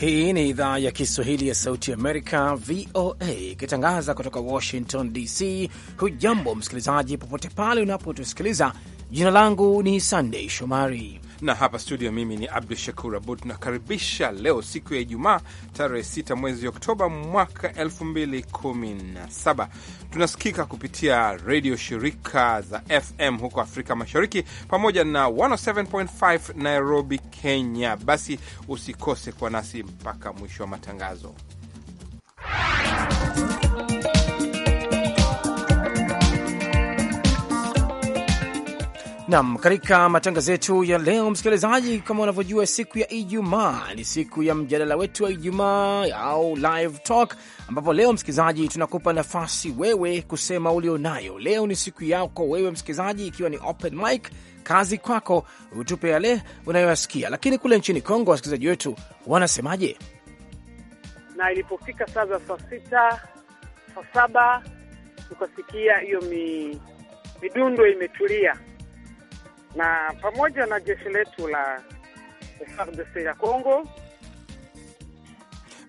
Hii ni idhaa ya Kiswahili ya Sauti Amerika, VOA, ikitangaza kutoka Washington DC. Hujambo msikilizaji, popote pale unapotusikiliza. Jina langu ni Sandei Shomari na hapa studio, mimi ni Abdu Shakur Abud nakaribisha leo, siku ya Ijumaa tarehe 6 mwezi Oktoba mwaka 2017. Tunasikika kupitia redio shirika za FM huko Afrika Mashariki pamoja na 107.5 Nairobi, Kenya. Basi usikose kwa nasi mpaka mwisho wa matangazo Nam, katika matangazo yetu ya leo, msikilizaji, kama unavyojua, siku ya Ijumaa ni siku ya mjadala wetu wa Ijumaa au live talk, ambapo leo msikilizaji, tunakupa nafasi wewe kusema ulionayo. Leo ni siku yako wewe msikilizaji, ikiwa ni open mic, kazi kwako, utupe yale unayoyasikia. Lakini kule nchini Kongo wasikilizaji wetu wanasemaje? Na ilipofika saa za saa sita, saa saba, tukasikia hiyo mi, midundo imetulia na pamoja na jeshi letu la FARDC ya Congo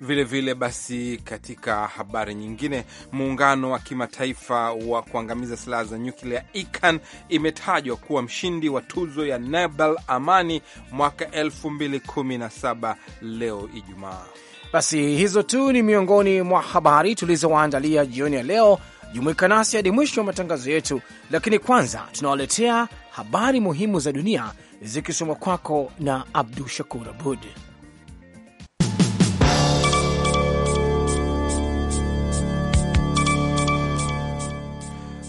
vilevile vile. Basi, katika habari nyingine, muungano wa kimataifa wa kuangamiza silaha za nyuklia ICAN imetajwa kuwa mshindi wa tuzo ya Nobel amani mwaka 2017 leo Ijumaa. Basi hizo tu ni miongoni mwa habari tulizowaandalia jioni ya leo. Jumuika nasi hadi mwisho wa matangazo yetu, lakini kwanza tunawaletea habari muhimu za dunia zikisomwa kwako na Abdu Shakur Abud.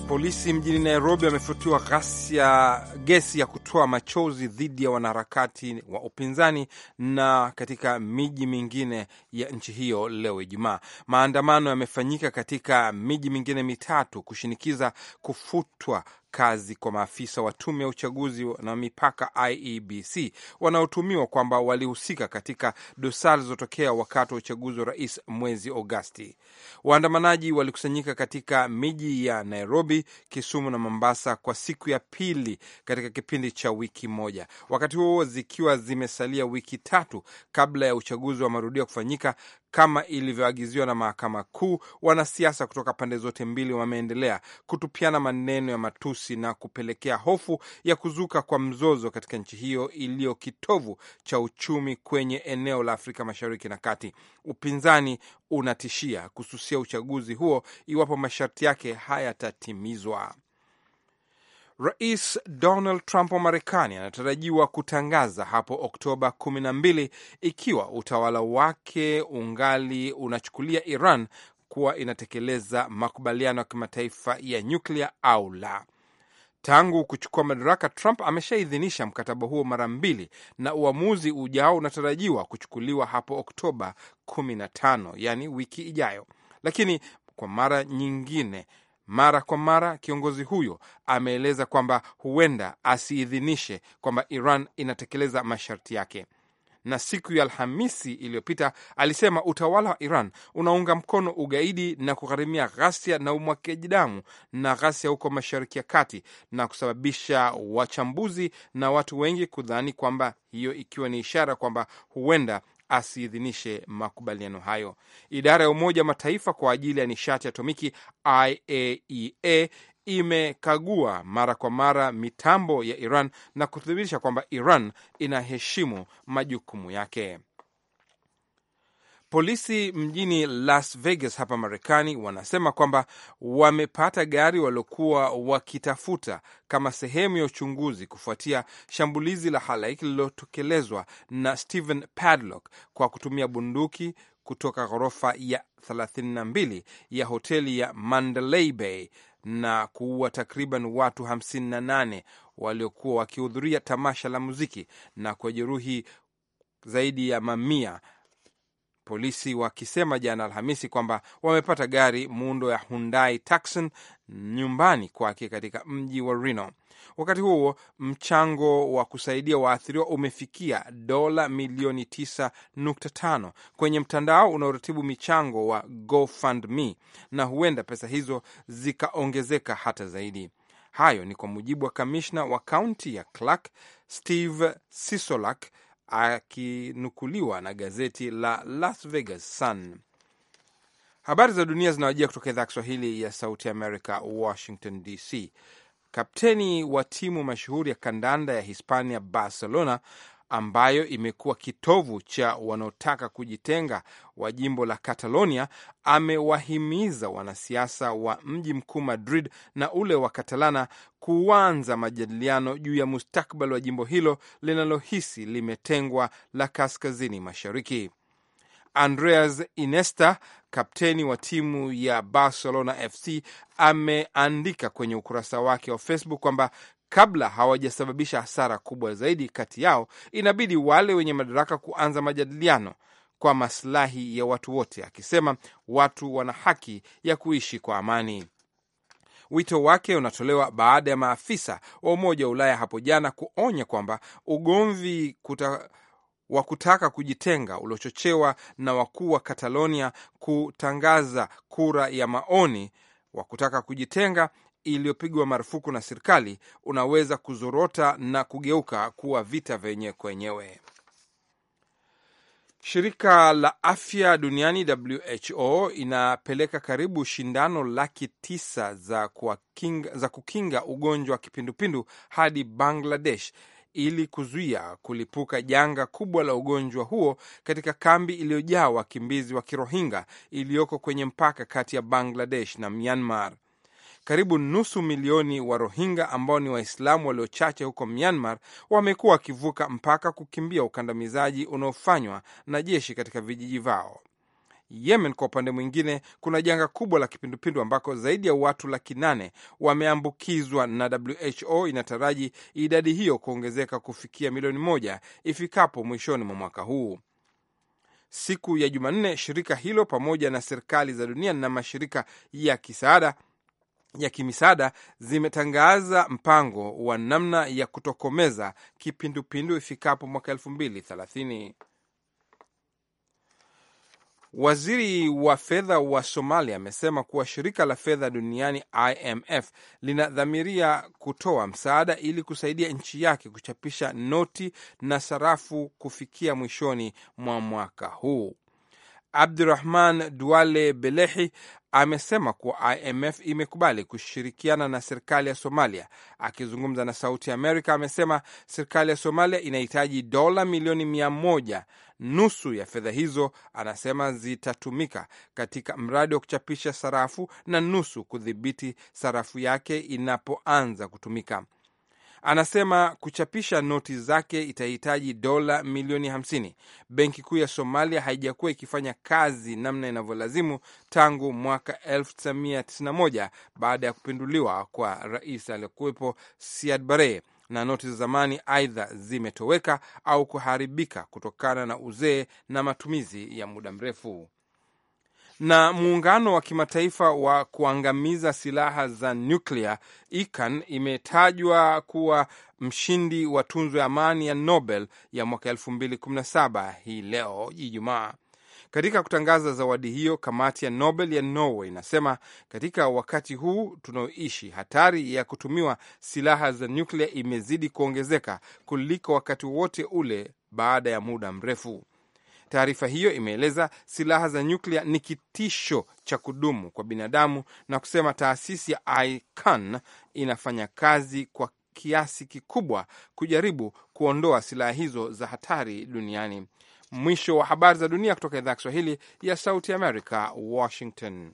Polisi mjini Nairobi wamefutiwa ghasia gesi ya kutoa machozi dhidi ya wanaharakati wa upinzani na katika miji mingine ya nchi hiyo leo Ijumaa. Maandamano yamefanyika katika miji mingine mitatu kushinikiza kufutwa kazi kwa maafisa wa tume ya uchaguzi na mipaka IEBC wanaotumiwa kwamba walihusika katika dosari zilizotokea wakati wa uchaguzi wa rais mwezi Agosti. Waandamanaji walikusanyika katika miji ya Nairobi, Kisumu na Mombasa kwa siku ya pili katika kipindi cha wiki moja, wakati huo zikiwa zimesalia wiki tatu kabla ya uchaguzi wa marudio kufanyika kama ilivyoagiziwa na mahakama kuu, wanasiasa kutoka pande zote mbili wameendelea kutupiana maneno ya matusi na kupelekea hofu ya kuzuka kwa mzozo katika nchi hiyo iliyo kitovu cha uchumi kwenye eneo la Afrika Mashariki na Kati. Upinzani unatishia kususia uchaguzi huo iwapo masharti yake hayatatimizwa. Rais Donald Trump wa Marekani anatarajiwa kutangaza hapo Oktoba 12 ikiwa utawala wake ungali unachukulia Iran kuwa inatekeleza makubaliano ya kimataifa ya nyuklia au la. Tangu kuchukua madaraka, Trump ameshaidhinisha mkataba huo mara mbili na uamuzi ujao unatarajiwa kuchukuliwa hapo Oktoba 15, yani wiki ijayo, lakini kwa mara nyingine mara kwa mara kiongozi huyo ameeleza kwamba huenda asiidhinishe kwamba Iran inatekeleza masharti yake na siku ya Alhamisi iliyopita alisema utawala wa Iran unaunga mkono ugaidi na kugharimia ghasia na umwagaji damu na ghasia huko Mashariki ya Kati, na kusababisha wachambuzi na watu wengi kudhani kwamba hiyo ikiwa ni ishara kwamba huenda asiidhinishe makubaliano hayo. Idara ya Umoja Mataifa kwa ajili ya nishati atomiki IAEA e imekagua mara kwa mara mitambo ya Iran na kuthibitisha kwamba Iran inaheshimu majukumu yake. Polisi mjini Las Vegas hapa Marekani wanasema kwamba wamepata gari waliokuwa wakitafuta kama sehemu ya uchunguzi kufuatia shambulizi la halaiki lililotekelezwa na Stephen Padlock kwa kutumia bunduki kutoka ghorofa ya 32 ya hoteli ya Mandalay Bay na kuua takriban watu 58 waliokuwa wakihudhuria tamasha la muziki na kujeruhi zaidi ya mamia polisi wakisema jana Alhamisi kwamba wamepata gari muundo ya Hyundai Tucson nyumbani kwake katika mji wa Reno. Wakati huo mchango wa kusaidia waathiriwa umefikia dola milioni 9.5 kwenye mtandao unaoratibu michango wa GoFundMe, na huenda pesa hizo zikaongezeka hata zaidi. Hayo ni kwa mujibu wa kamishna wa kaunti ya Clark Steve Sisolak akinukuliwa na gazeti la Las Vegas Sun. Habari za dunia zinawajia kutoka idhaa Kiswahili ya Sauti America, Washington DC. Kapteni wa timu mashuhuri ya kandanda ya Hispania, Barcelona, ambayo imekuwa kitovu cha wanaotaka kujitenga wa jimbo la Catalonia, amewahimiza wanasiasa wa mji mkuu Madrid na ule wa Katalana kuanza majadiliano juu ya mustakbali wa jimbo hilo linalohisi limetengwa la kaskazini mashariki. Andreas Iniesta, kapteni wa timu ya Barcelona FC, ameandika kwenye ukurasa wake wa Facebook kwamba kabla hawajasababisha hasara kubwa zaidi kati yao, inabidi wale wenye madaraka kuanza majadiliano kwa masilahi ya watu wote, akisema watu wana haki ya kuishi kwa amani. Wito wake unatolewa baada ya maafisa wa Umoja wa Ulaya hapo jana kuonya kwamba ugomvi kuta wa kutaka kujitenga uliochochewa na wakuu wa Katalonia kutangaza kura ya maoni wa kutaka kujitenga iliyopigwa marufuku na serikali unaweza kuzorota na kugeuka kuwa vita vyenyewe kwenyewe Shirika la afya duniani WHO inapeleka karibu shindano laki tisa za kukinga, za kukinga ugonjwa wa kipindupindu hadi Bangladesh ili kuzuia kulipuka janga kubwa la ugonjwa huo katika kambi iliyojaa wakimbizi wa kirohinga iliyoko kwenye mpaka kati ya Bangladesh na Myanmar karibu nusu milioni wa Rohingya ambao ni Waislamu waliochache huko Myanmar wamekuwa wakivuka mpaka kukimbia ukandamizaji unaofanywa na jeshi katika vijiji vao. Yemen kwa upande mwingine, kuna janga kubwa la kipindupindu ambako zaidi ya watu laki nane wameambukizwa na WHO inataraji idadi hiyo kuongezeka kufikia milioni moja ifikapo mwishoni mwa mwaka huu. Siku ya Jumanne, shirika hilo pamoja na serikali za dunia na mashirika ya kisaada ya kimisaada zimetangaza mpango wa namna ya kutokomeza kipindupindu ifikapo mwaka elfu mbili thelathini. Waziri wa fedha wa Somalia amesema kuwa shirika la fedha duniani IMF linadhamiria kutoa msaada ili kusaidia nchi yake kuchapisha noti na sarafu kufikia mwishoni mwa mwaka huu. Abdurahman Duale Belehi amesema kuwa IMF imekubali kushirikiana na serikali ya Somalia. Akizungumza na Sauti ya Amerika, amesema serikali ya Somalia inahitaji dola milioni mia moja. Nusu ya fedha hizo anasema zitatumika katika mradi wa kuchapisha sarafu na nusu kudhibiti sarafu yake inapoanza kutumika. Anasema kuchapisha noti zake itahitaji dola milioni 50. Benki kuu ya Somalia haijakuwa ikifanya kazi namna inavyolazimu tangu mwaka 1991 baada ya kupinduliwa kwa rais aliyekuwepo Siad Barre, na noti za zamani aidha zimetoweka au kuharibika kutokana na uzee na matumizi ya muda mrefu. Na muungano wa kimataifa wa kuangamiza silaha za nyuklia ICAN imetajwa kuwa mshindi wa tunzo ya amani ya Nobel ya mwaka 2017 hii leo Ijumaa. Katika kutangaza zawadi hiyo, kamati ya Nobel ya Norway inasema katika wakati huu tunaoishi, hatari ya kutumiwa silaha za nyuklia imezidi kuongezeka kuliko wakati wote ule baada ya muda mrefu. Taarifa hiyo imeeleza silaha za nyuklia ni kitisho cha kudumu kwa binadamu na kusema taasisi ya ICAN inafanya kazi kwa kiasi kikubwa kujaribu kuondoa silaha hizo za hatari duniani. Mwisho wa habari za dunia kutoka idhaa ya Kiswahili ya Sauti Amerika, Washington.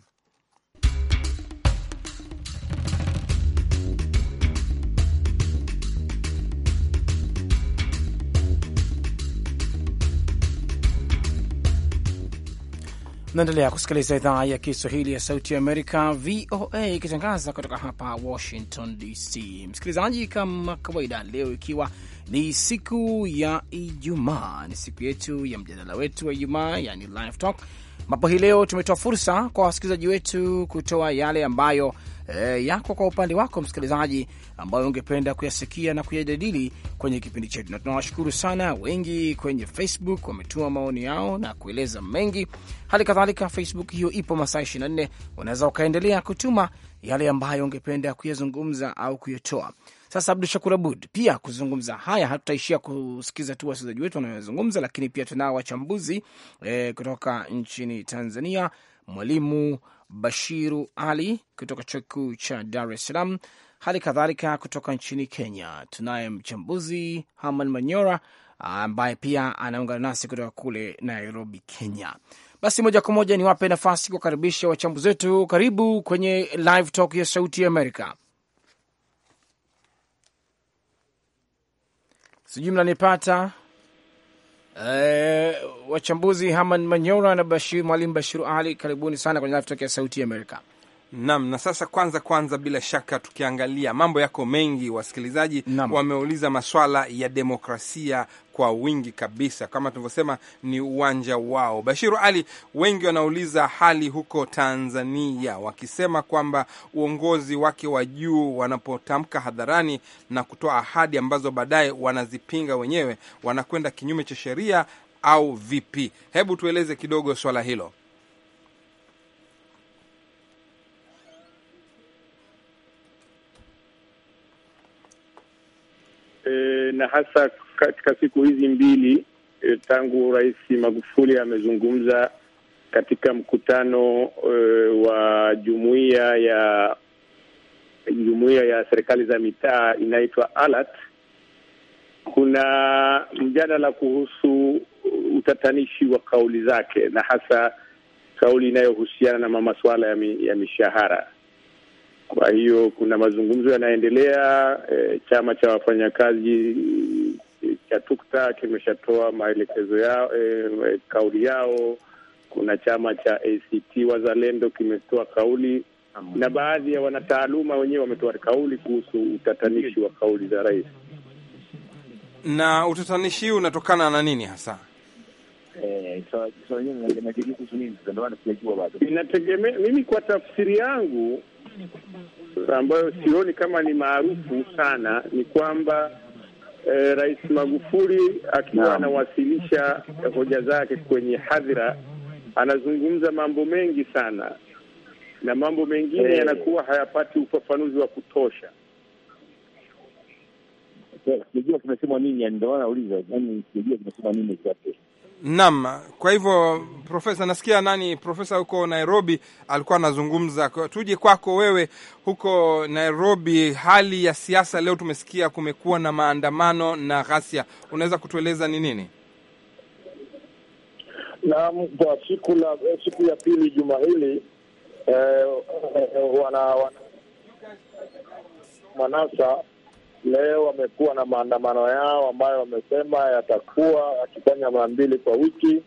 Naendelea kusikiliza idhaa ya Kiswahili ya Sauti ya Amerika, VOA, ikitangaza kutoka hapa Washington DC. Msikilizaji, kama kawaida, leo ikiwa ni siku ya Ijumaa, ni siku yetu ya mjadala wetu wa Ijumaa, yani live talk, ambapo hii leo tumetoa fursa kwa wasikilizaji wetu kutoa yale ambayo e, yako kwa upande wako msikilizaji, ambayo ungependa kuyasikia na kuyajadili kwenye kipindi chetu. Na tunawashukuru sana wengi kwenye Facebook wametuma maoni yao na kueleza mengi. Hali kadhalika Facebook hiyo ipo masaa 24, unaweza ukaendelea kutuma yale ambayo ungependa kuyazungumza au kuyatoa. Sasa Abdu Shakur Abud, pia kuzungumza haya, hatutaishia kusikiza tu wasikilizaji wetu wanayozungumza, lakini pia tunao wachambuzi e, kutoka nchini Tanzania, mwalimu Bashiru Ali kutoka chuo kikuu cha Dar es Salaam. Hali kadhalika kutoka nchini Kenya tunaye mchambuzi Haman Manyora ambaye pia anaungana nasi kutoka kule Nairobi, Kenya. Basi moja kwa moja niwape nafasi kuwakaribisha wachambuzi wetu. Karibu kwenye Live Talk ya Sauti ya Amerika. Sijui mnanipata? Eh, wachambuzi Haman Manyora na Bashir, Mwalimu Bashiru Ali, karibuni sana kwenye live ya Sauti Amerika. nam na sasa kwanza kwanza, bila shaka tukiangalia mambo yako mengi, wasikilizaji wameuliza maswala ya demokrasia kwa wingi kabisa, kama tunavyosema ni uwanja wao. Bashiru Ali, wengi wanauliza hali huko Tanzania, wakisema kwamba uongozi wake wa juu wanapotamka hadharani na kutoa ahadi ambazo baadaye wanazipinga wenyewe, wanakwenda kinyume cha sheria au vipi? Hebu tueleze kidogo swala hilo. E, na hasa katika siku hizi mbili e, tangu Rais Magufuli amezungumza katika mkutano e, wa jumuiya ya jumuiya ya serikali za mitaa inaitwa ALAT, kuna mjadala kuhusu utatanishi wa kauli zake na hasa kauli inayohusiana na masuala ya, mi, ya mishahara. Kwa hiyo kuna mazungumzo yanaendelea e, chama cha wafanyakazi cha Tukta kimeshatoa maelekezo yao, e, kauli yao. Kuna chama cha ACT Wazalendo kimetoa kauli na baadhi ya wanataaluma wenyewe wametoa kauli kuhusu utatanishi wa kauli za rais. Na utatanishi huu unatokana na nini hasa? Eh, inategemea. Mimi kwa tafsiri yangu ambayo sioni kama ni maarufu sana, ni kwamba eh, Rais Magufuli akiwa anawasilisha hoja zake kwenye hadhira, anazungumza mambo mengi sana na mambo mengine hey, eh. yanakuwa hayapati ufafanuzi wa kutosha. Sijua kimesemwa nini, ndio maana nauliza, yaani sijua nini exactly. Naam, kwa hivyo profesa, nasikia nani, profesa huko Nairobi alikuwa anazungumza. Tuje kwako wewe huko Nairobi, hali ya siasa leo, tumesikia kumekuwa na maandamano na ghasia, unaweza kutueleza ni nini? Naam, kwa siku la siku ya pili juma hili eh, eh wana, wana, manasa leo wamekuwa na maandamano yao ambayo wamesema yatakuwa wakifanya mara mbili kwa wiki.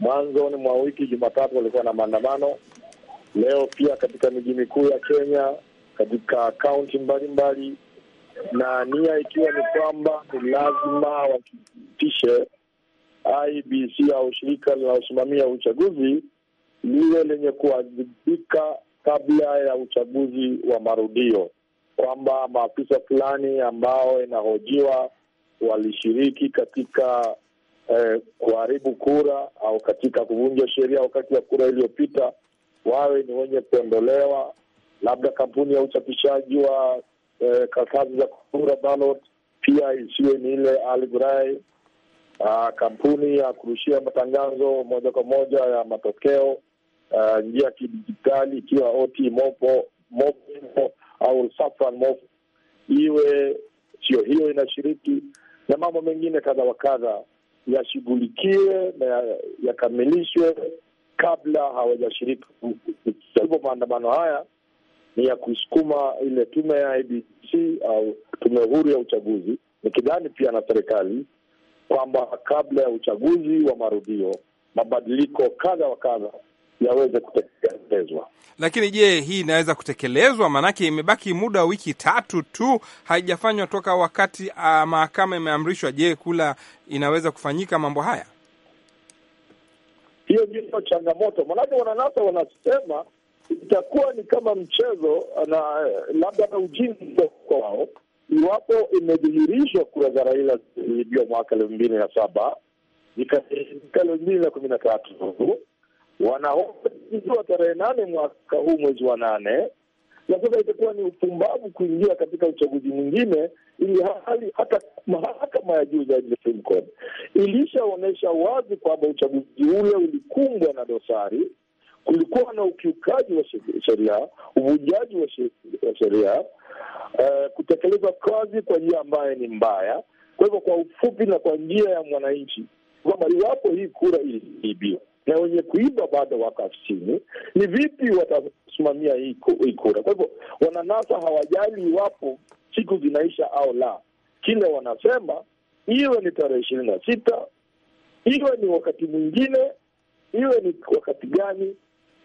Mwanzoni mwa wiki Jumatatu walikuwa na maandamano, leo pia katika miji mikuu ya Kenya, katika kaunti mbalimbali, na nia ikiwa ni kwamba ni lazima wakitishe IBC au shirika linalosimamia uchaguzi liwe lenye kuwajibika kabla ya uchaguzi wa marudio kwamba maafisa fulani ambao inahojiwa walishiriki katika eh, kuharibu kura au katika kuvunja sheria wakati wa kura iliyopita, wawe ni wenye kuondolewa. Labda kampuni ya uchapishaji wa eh, karatasi za kura ballot pia isiwe ni ile algurai. Uh, kampuni ya kurushia matangazo moja kwa moja ya matokeo uh, njia ya kidijitali ikiwa oti mopo mopo au iwe sio hiyo inashiriki na mambo mengine kadha wa kadha yashughulikiwe na yakamilishwe ya kabla hawajashiriki. Kwa hivyo maandamano haya ni ya kusukuma ile tume ya IBC au tume huru ya uchaguzi, nikidhani pia na serikali kwamba kabla ya uchaguzi wa marudio, mabadiliko kadha wa kadha yaweze kutekelezwa. Lakini je, hii inaweza kutekelezwa? Maanake imebaki muda wa wiki tatu tu, haijafanywa toka wakati uh, mahakama imeamrishwa. Je, kula inaweza kufanyika mambo haya? Hiyo ndio changamoto, maanake wananasa wanasema itakuwa ni kama mchezo na eh, labda na ujinzi kwa wao iwapo imedhihirishwa kura za Raila ziliibiwa mwaka elfu mbili na saba elfu mbili na kumi na tatu wanaomba kuingiwa tarehe nane mwaka huu mwezi wa nane, na sasa itakuwa ni upumbavu kuingia katika uchaguzi mwingine, ili hali hata mahakama ya juu zaidi Supreme Court ilishaonyesha wazi kwamba uchaguzi ule ulikumbwa na dosari. Kulikuwa na ukiukaji wa sheria, uvujaji wa sheria, uh, kutekelezwa kazi kwa njia ambayo ni mbaya. Kwa hivyo, kwa ufupi na kwa njia ya mwananchi, kwamba iwapo hii kura iliibiwa na wenye kuiba bado wako afisini, ni vipi watasimamia hii kura? Kwa hivyo wananasa hawajali iwapo siku zinaisha au la. Kile wanasema iwe ni tarehe ishirini na sita, iwe ni wakati mwingine, iwe ni wakati gani,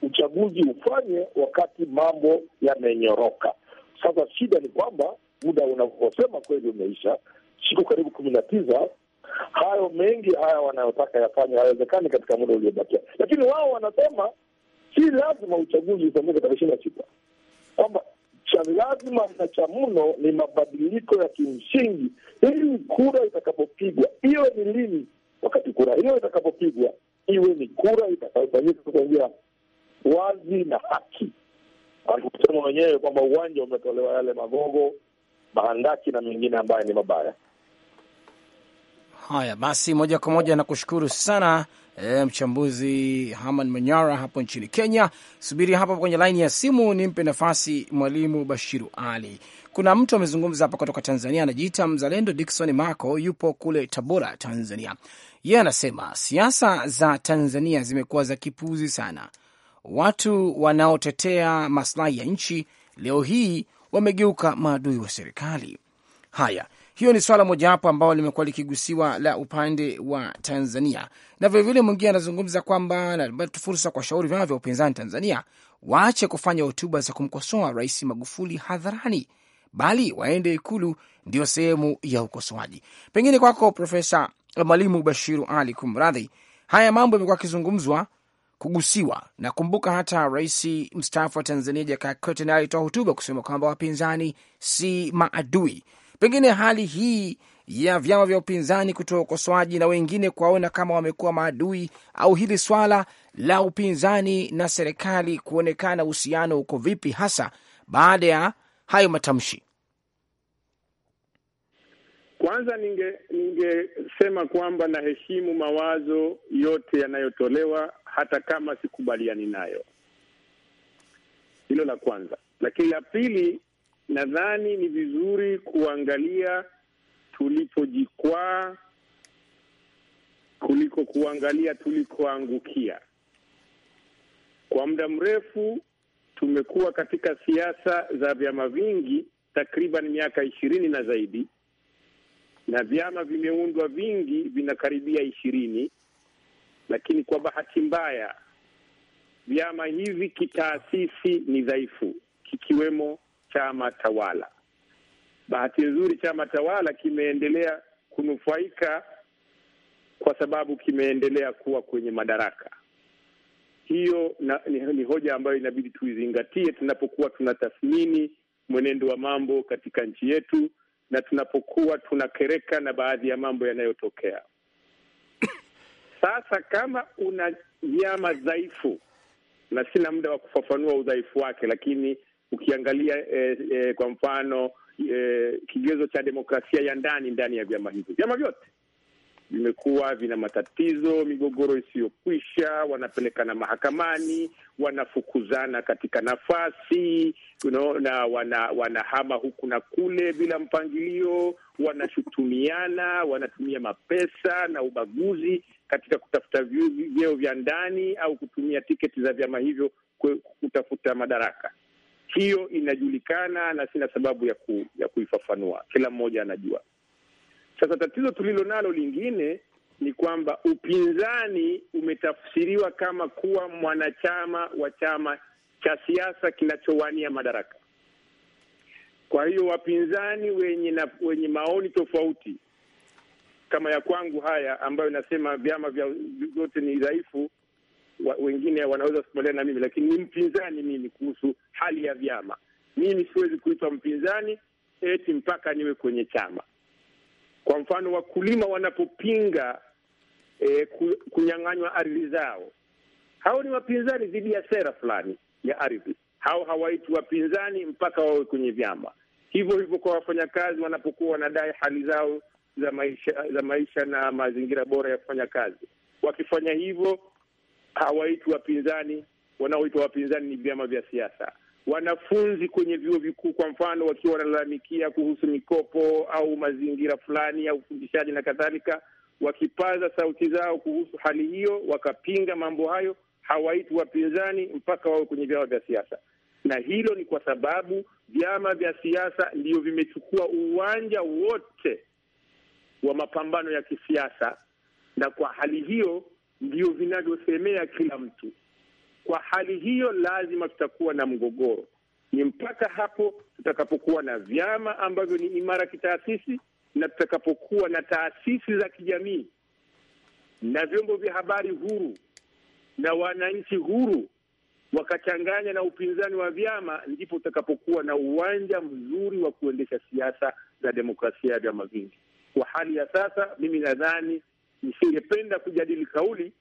uchaguzi ufanye wakati mambo yamenyoroka. Sasa shida ni kwamba muda unavyosema kweli umeisha, siku karibu kumi na tisa hayo mengi haya wanayotaka yafanya hayawezekani katika muda uliobakia, lakini wao wanasema si lazima uchaguzi ufanyike tarehe ishirini na sita kwamba cha lazima na cha mno ni mabadiliko ya kimsingi, ili kura itakapopigwa iwe ni lini, wakati kura hiyo itakapopigwa iwe ni kura itakayofanyika kwa njia wazi na haki. Walikusema wenyewe kwamba uwanja umetolewa yale magogo, mahandaki na mengine ambayo ni mabaya. Haya basi, moja kwa moja nakushukuru sana e, mchambuzi Haman Manyara hapo nchini Kenya. Subiri hapo kwenye laini ya simu, nimpe nafasi mwalimu Bashiru Ali. Kuna mtu amezungumza hapa kutoka Tanzania, anajiita mzalendo dikson Mako, yupo kule Tabora, Tanzania. Yeye anasema siasa za Tanzania zimekuwa za kipuuzi sana. Watu wanaotetea maslahi ya nchi leo hii wamegeuka maadui wa serikali. Haya, hiyo ni swala mojawapo ambao limekuwa likigusiwa la upande wa Tanzania, na vilevile mwingine anazungumza kwamba nabatu fursa kwa shauri vyama vya upinzani Tanzania waache kufanya hotuba za kumkosoa Rais Magufuli hadharani, bali waende Ikulu, ndiyo sehemu ya ukosoaji. Pengine kwako Profesa Mwalimu Bashiru Ali, kumradhi, haya mambo yamekuwa akizungumzwa kugusiwa Nakumbuka hata rais mstaafu wa Tanzania Jakaya Kikwete naye alitoa hotuba kusema kwamba wapinzani si maadui, Pengine hali hii ya vyama vya upinzani kutoa ukosoaji na wengine kuwaona kama wamekuwa maadui, au hili swala la upinzani na serikali kuonekana uhusiano uko vipi, hasa baada ya hayo matamshi? Kwanza ningesema ninge kwamba naheshimu mawazo yote yanayotolewa hata kama sikubaliani nayo. Hilo la kwanza, lakini la pili nadhani ni vizuri kuangalia tulipojikwaa kuliko kuangalia tulikoangukia. Kwa muda mrefu tumekuwa katika siasa za vyama vingi, takriban miaka ishirini na zaidi, na vyama vimeundwa vingi, vinakaribia ishirini, lakini kwa bahati mbaya vyama hivi kitaasisi ni dhaifu, kikiwemo chama tawala. Bahati nzuri, chama tawala kimeendelea kunufaika kwa sababu kimeendelea kuwa kwenye madaraka. Hiyo na, ni, ni hoja ambayo inabidi tuizingatie tunapokuwa tunatathmini mwenendo wa mambo katika nchi yetu na tunapokuwa tunakereka na baadhi ya mambo yanayotokea sasa. Kama una vyama dhaifu, na sina muda wa kufafanua udhaifu wake, lakini ukiangalia eh, eh, kwa mfano eh, kigezo cha demokrasia ya ndani ndani ya vyama hivyo, vyama vyote vimekuwa vina matatizo, migogoro isiyokwisha, wanapelekana mahakamani, wanafukuzana katika nafasi you know, na wana- wanahama huku na kule bila mpangilio, wanashutumiana, wanatumia mapesa na ubaguzi katika kutafuta vyeo vya ndani au kutumia tiketi za vyama hivyo kutafuta madaraka hiyo inajulikana na sina sababu ya ku, ya kuifafanua, kila mmoja anajua. Sasa tatizo tulilo nalo lingine ni kwamba upinzani umetafsiriwa kama kuwa mwanachama wa chama cha siasa kinachowania madaraka. Kwa hiyo wapinzani wenye na, wenye maoni tofauti kama ya kwangu haya ambayo inasema vyama vya vyote ni dhaifu wa, wengine wanaweza kukubaliana na mimi, lakini ni mpinzani mimi kuhusu hali ya vyama. Mimi siwezi kuitwa mpinzani eti mpaka niwe kwenye chama. Kwa mfano, wakulima wanapopinga e, kunyang'anywa ardhi zao, hao ni wapinzani dhidi ya sera fulani ya ardhi. Hao hawaiti wapinzani mpaka wawe kwenye vyama. Hivyo hivyo kwa wafanyakazi wanapokuwa wanadai hali zao za maisha za maisha na mazingira bora ya kufanya kazi, wakifanya hivyo hawaitwi wapinzani, wanaoitwa wapinzani ni vyama vya siasa. Wanafunzi kwenye vyuo vikuu, kwa mfano, wakiwa wanalalamikia kuhusu mikopo au mazingira fulani ya ufundishaji na kadhalika, wakipaza sauti zao kuhusu hali hiyo, wakapinga mambo hayo, hawaitwi wapinzani mpaka wawe kwenye vyama vya siasa. Na hilo ni kwa sababu vyama vya siasa ndio vimechukua uwanja wote wa mapambano ya kisiasa, na kwa hali hiyo ndio vinavyosemea kila mtu. Kwa hali hiyo, lazima tutakuwa na mgogoro. Ni mpaka hapo tutakapokuwa na vyama ambavyo ni imara kitaasisi na tutakapokuwa na taasisi za kijamii na vyombo vya habari huru na wananchi huru wakachanganya na upinzani wa vyama, ndipo utakapokuwa na uwanja mzuri wa kuendesha siasa za demokrasia ya vyama vingi. Kwa hali ya sasa, mimi nadhani nisingependa kujadili kauli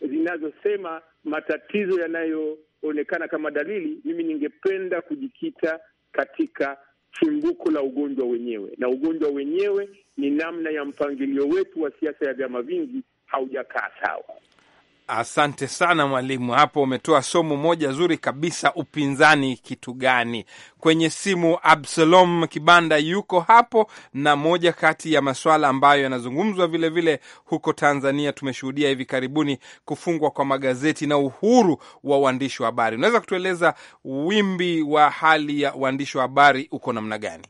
zinazosema matatizo yanayoonekana kama dalili. Mimi ningependa kujikita katika chimbuko la ugonjwa wenyewe, na ugonjwa wenyewe ni namna ya mpangilio wetu wa siasa ya vyama vingi haujakaa sawa. Asante sana mwalimu, hapo umetoa somo moja zuri kabisa, upinzani kitu gani. Kwenye simu Absalom Kibanda yuko hapo, na moja kati ya masuala ambayo yanazungumzwa vilevile huko Tanzania, tumeshuhudia hivi karibuni kufungwa kwa magazeti na uhuru wa uandishi wa habari. Unaweza kutueleza wimbi wa hali ya uandishi wa habari uko namna gani?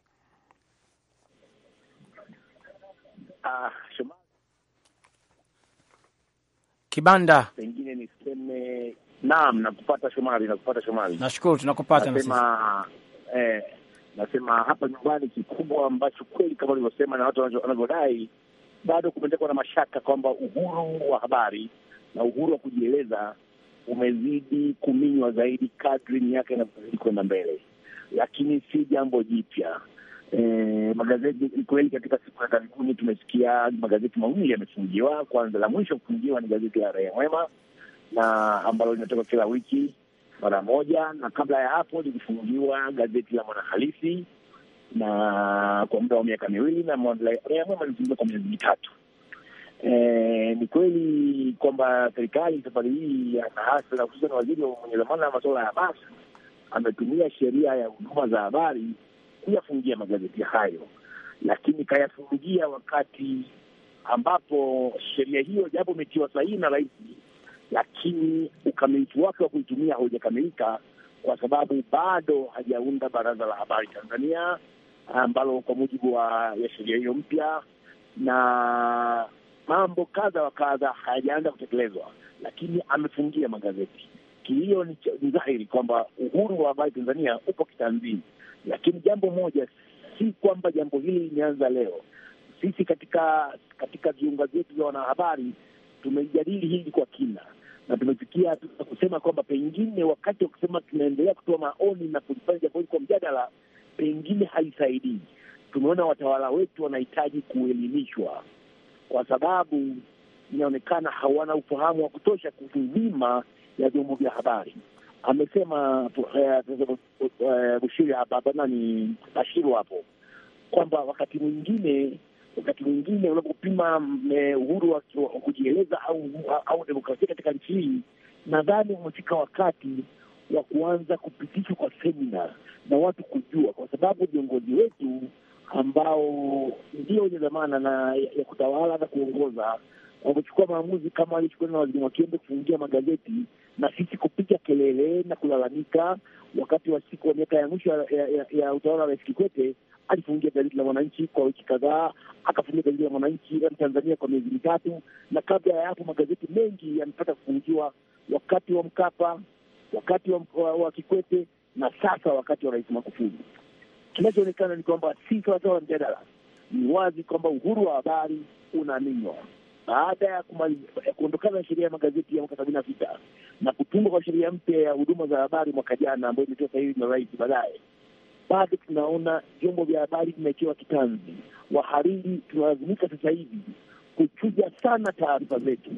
Ah. Kibanda, pengine niseme naam, nakupata Shomari, nakupata Shomari. Nashukuru, tunakupata nasema, eh, nasema hapa nyumbani kikubwa ambacho kweli kama ulivyosema na watu wanavyodai, bado kumeendelea na mashaka kwamba uhuru wa habari na uhuru wa kujieleza umezidi kuminywa zaidi kadri miaka inavyozidi kwenda mbele, lakini si jambo jipya eh, magazeti kweli, katika siku za karibuni tumesikia magazeti mawili yamefungiwa. Kwanza la mwisho kufungiwa ni gazeti la Raia Mwema na ambalo linatoka kila wiki mara moja, na kabla ya hapo lilifungiwa gazeti la Mwanahalisi na kwa muda wa miaka miwili, na Raia Mwema lilifungiwa kwa miezi mitatu. Eh, ni kweli kwamba serikali safari hii ya Nahasa na hususan waziri mwenye dhamana ya masuala ya habari ametumia sheria ya huduma za habari kuyafungia magazeti hayo, lakini kayafungia wakati ambapo sheria hiyo japo imetiwa sahihi na rais, lakini ukamilifu wake wa kuitumia haujakamilika kwa sababu bado hajaunda baraza la habari Tanzania ambalo kwa mujibu wa ya sheria hiyo mpya na mambo kadha wa kadha hayajaanza kutekelezwa, lakini amefungia magazeti. kiliyo ni dhahiri kwamba uhuru wa habari Tanzania upo kitanzini, lakini jambo moja, si kwamba jambo hili limeanza leo. Sisi katika katika viunga vyetu vya wanahabari tumejadili hili kwa kina na tumefikia hatua kusema kwamba pengine wakati wa kusema tunaendelea kutoa maoni na kulifanya jambo hili kwa mjadala, pengine haisaidii. Tumeona watawala wetu wanahitaji kuelimishwa, kwa sababu inaonekana hawana ufahamu wa kutosha kuhusu dhima ya vyombo vya habari amesema eh, eh, Bushiri Ababanani ah, Bashiru hapo kwamba wakati mwingine wakati mwingine unapopima eh, uhuru wa kujieleza au au demokrasia katika nchi hii, nadhani umefika wakati wa kuanza kupitishwa kwa semina na watu kujua, kwa sababu viongozi wetu ambao ndio wenye dhamana na ya kutawala na kuongoza wamechukua maamuzi kama alichukuliwa na waziri Mwakyembe kufungia magazeti na sisi kupiga kelele na kulalamika. Wakati wa siku wa miaka ya mwisho ya, ya, ya utawala wa Rais Kikwete alifungia gazeti la Mwananchi kwa wiki kadhaa, akafungia gazeti la Mwananchi la Tanzania kwa miezi mitatu, na kabla ya hapo magazeti mengi yamepata kufungiwa wakati wa Mkapa, wakati wa, wa, wa Kikwete na sasa wakati wa Rais Magufuli. Kinachoonekana ni kwamba si sawasawa mjadala. Ni wazi kwamba uhuru wa habari unaminywa baada ya kuondokana na sheria ya magazeti ya mwaka sabini na sita na kutungwa kwa sheria mpya ya huduma za habari mwaka jana ambayo imetoa sahihi na rais baadaye, bado tunaona vyombo vya habari vimewekewa kitanzi. Wahariri tunalazimika sasa hivi kuchuja sana taarifa zetu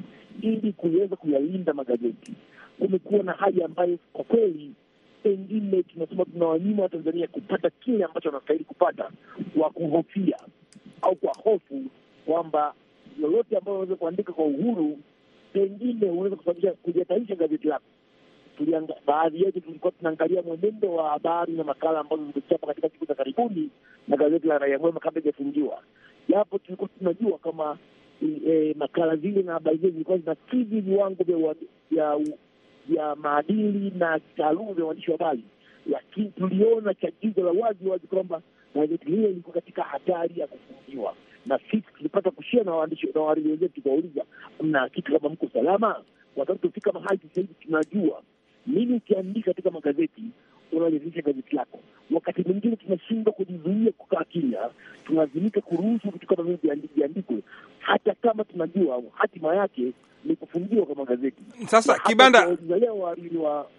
ili kuweza kuyalinda magazeti. Kumekuwa na hali ambayo kwa kweli pengine tunasema tunawanyima Watanzania kupata kile ambacho wanastahili kupata, kwa kuhofia au kwa hofu kwamba lolote ambayo unaweza kuandika kwa uhuru, pengine unaweza kusababisha kujataisha gazeti lako. Baadhi yetu tulikuwa tunaangalia mwenendo wa habari na makala ambazo zimechapa katika siku za karibuni na gazeti la Raia Mwema kabla ijafungiwa, japo tulikuwa tunajua kama e, makala zile na habari zile zilikuwa zinakidhi viwango vya maadili na taaluma vya uandishi wa habari, lakini tuliona chagizo la wazi wazi kwamba gazeti hilo liko katika hatari ya kufungiwa na sisi tulipata kushia na waandishi na wahariri wenzetu, tukawauliza mna hakika kama mko salama? Kwa sababu tufika mahali sasa hivi tunajua nini ukiandika katika magazeti unalazimisha gazeti lako wakati mwingine tunashindwa kujizuia kukaa kimya, tunalazimika kuruhusu vitu kama vile viandikwe, hata kama tunajua hatima yake ni kufungiwa kwa magazeti. Sasa Kibanda,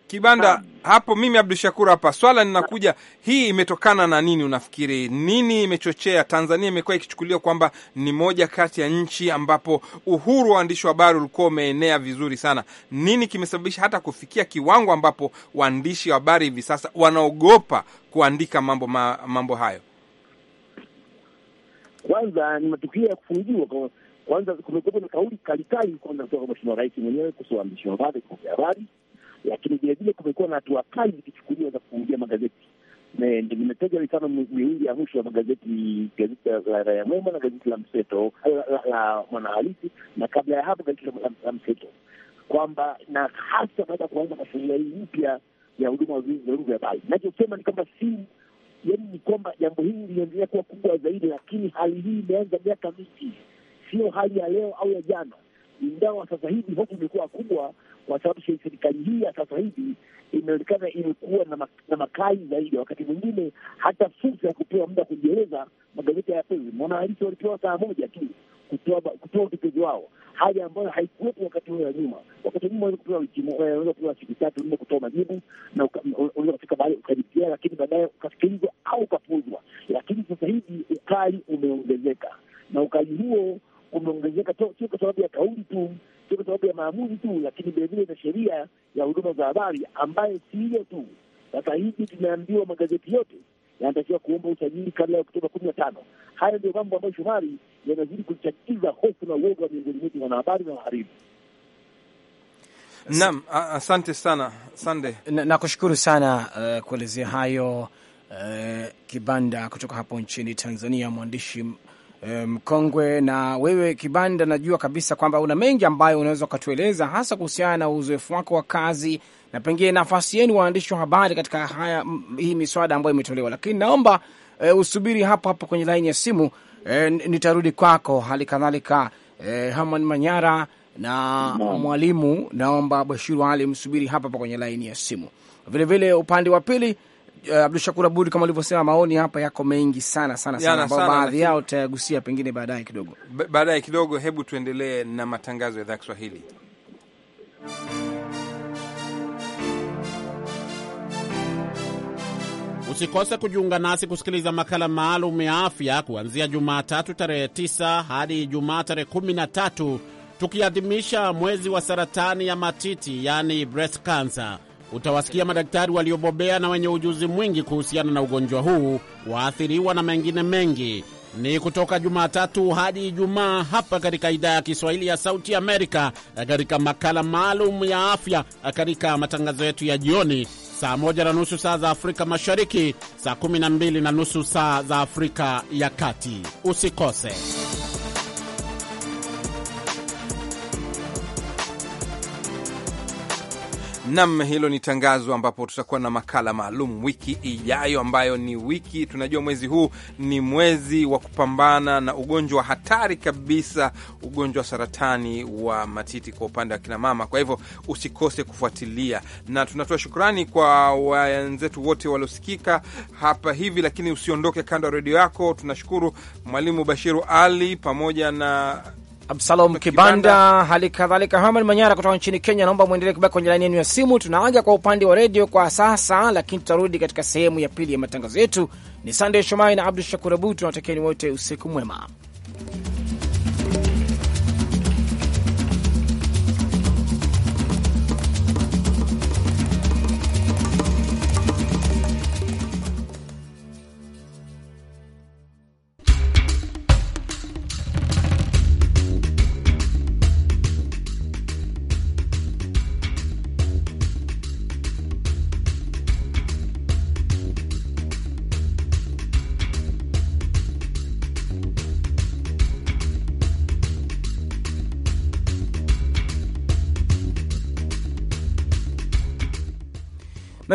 Kibanda hapo, mimi Abdu Shakur hapa, swala ninakuja, hii imetokana na nini? Unafikiri nini imechochea? Tanzania imekuwa ikichukuliwa kwamba ni moja kati ya nchi ambapo uhuru wa waandishi wa habari ulikuwa umeenea vizuri sana. Nini kimesababisha hata kufikia kiwango ambapo waandishi wa habari hivi sasa wanaogopa kuandika mambo ma, mambo hayo? Kwanza ni matukio ya kufungiwa. Kwanza kumekuwa na kauli kalikali kwanza kutoka kwa mheshimiwa rais mwenyewe kuhusu waandishi wa habari, vyombo habari, lakini vilevile kumekuwa na hatua kali zikichukuliwa za kufungia magazeti. Nimetaja mifano miwili ya mwisho ya magazeti, gazeti la Raia Mwema na gazeti la Mseto la Mwanahalisi, na kabla ya hapo gazeti la Mseto, kwamba na hasa baada ya kuanza kwa sheria hii mpya ya huduma za uzuizi dharura habari. Nachosema ni kwamba si yani, ni kwamba jambo hili linaendelea kuwa kubwa zaidi, lakini hali hii imeanza miaka mingi, sio hali ya leo au ya jana, ingawa sasa hivi hofu imekuwa kubwa kwa sababu serikali hii ya sasa hivi imeonekana imekuwa na, makali zaidi. Wakati mwingine hata fursa ya kupewa muda kujieleza magazeti hayapewi. Mwanahalisi walipewa saa moja tu kutoa utetezi wao, hali ambayo haikuwepo wakati huo wa nyuma. Wakati nyuma unaweza kupewa wiki, eh, unaweza kupewa siku tatu nne kutoa majibu na unaweza kufika mahali ukajitia, lakini baadaye ukasikilizwa au ukapuzwa. Lakini sasa hivi ukali umeongezeka na ukali huo umeongezeka, sio kwa sababu ya kauli tu, sio kwa sababu ya maamuzi tu, lakini vilevile na sheria ya huduma za habari ambayo si hiyo tu. Sasa hivi tumeambiwa magazeti yote yanatakiwa kuomba usajili kabla ya Oktoba kumi na tano. Haya ndio mambo ambayo Shomari yanazidi kuchakiza hofu na uoga wa miongoni mwetu wanahabari na waharibu. Naam, asante sana Sande, nakushukuru na sana uh, kuelezea hayo uh, Kibanda kutoka hapo nchini Tanzania, mwandishi mkongwe um, na wewe Kibanda, najua kabisa kwamba una mengi ambayo unaweza ukatueleza hasa kuhusiana na uzoefu wako wa kazi na pengine nafasi yenu waandishi wa habari katika haya hii miswada ambayo imetolewa, lakini naomba e, usubiri hapo hapo kwenye laini ya simu. E, nitarudi kwako hali kadhalika e, eh, Haman Manyara na mwalimu, naomba Bashiru Ali msubiri hapa hapa kwenye laini ya simu vilevile, upande wa pili uh, eh, Abdul Shakur Abud, kama ulivyosema, maoni hapa yako mengi sana sana sana, ambao baadhi yao utayagusia pengine baadaye kidogo, baadaye kidogo. Hebu tuendelee na matangazo ya idhaa Kiswahili. Usikose kujiunga nasi kusikiliza makala maalum ya afya kuanzia Jumatatu tarehe 9 hadi Ijumaa tarehe 13 tukiadhimisha mwezi wa saratani ya matiti, yani breast cancer. Utawasikia madaktari waliobobea na wenye ujuzi mwingi kuhusiana na ugonjwa huu, waathiriwa na mengine mengi. Ni kutoka Jumatatu hadi Ijumaa hapa katika idhaa ya Kiswahili ya Sauti Amerika, katika makala maalum ya afya, katika matangazo yetu ya jioni saa moja na nusu saa za Afrika Mashariki, saa kumi na mbili na nusu saa za Afrika ya Kati. Usikose. Nam, hilo ni tangazo ambapo tutakuwa na makala maalum wiki ijayo, ambayo ni wiki tunajua, mwezi huu ni mwezi wa kupambana na ugonjwa hatari kabisa, ugonjwa wa saratani wa matiti kwa upande wa kinamama. Kwa hivyo usikose kufuatilia, na tunatoa shukrani kwa wenzetu wote waliosikika hapa hivi, lakini usiondoke kando ya redio yako. Tunashukuru Mwalimu Bashiru Ali pamoja na Absalom Kibanda, hali kadhalika Herman Manyara kutoka nchini Kenya. Naomba mwendelee kubaki kwenye laini yenu ya simu. Tunaaga kwa upande wa redio kwa sasa, lakini tutarudi katika sehemu ya pili ya matangazo yetu. Ni Sandey shumai na Abdu Shakur Abud, tunawatakieni wote usiku mwema.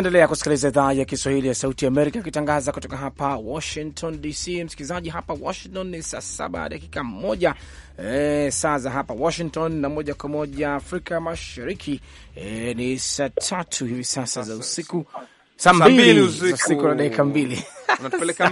Naendelea kusikiliza idhaa ya Kiswahili ya Sauti Amerika ikitangaza kutoka hapa Washington DC. Msikilizaji, hapa Washington ni saa saba dakika moja e, saa za hapa Washington na moja kwa moja Afrika Mashariki e, ni saa tatu hivi sasa za usiku saa mbili usiku na dakika mbili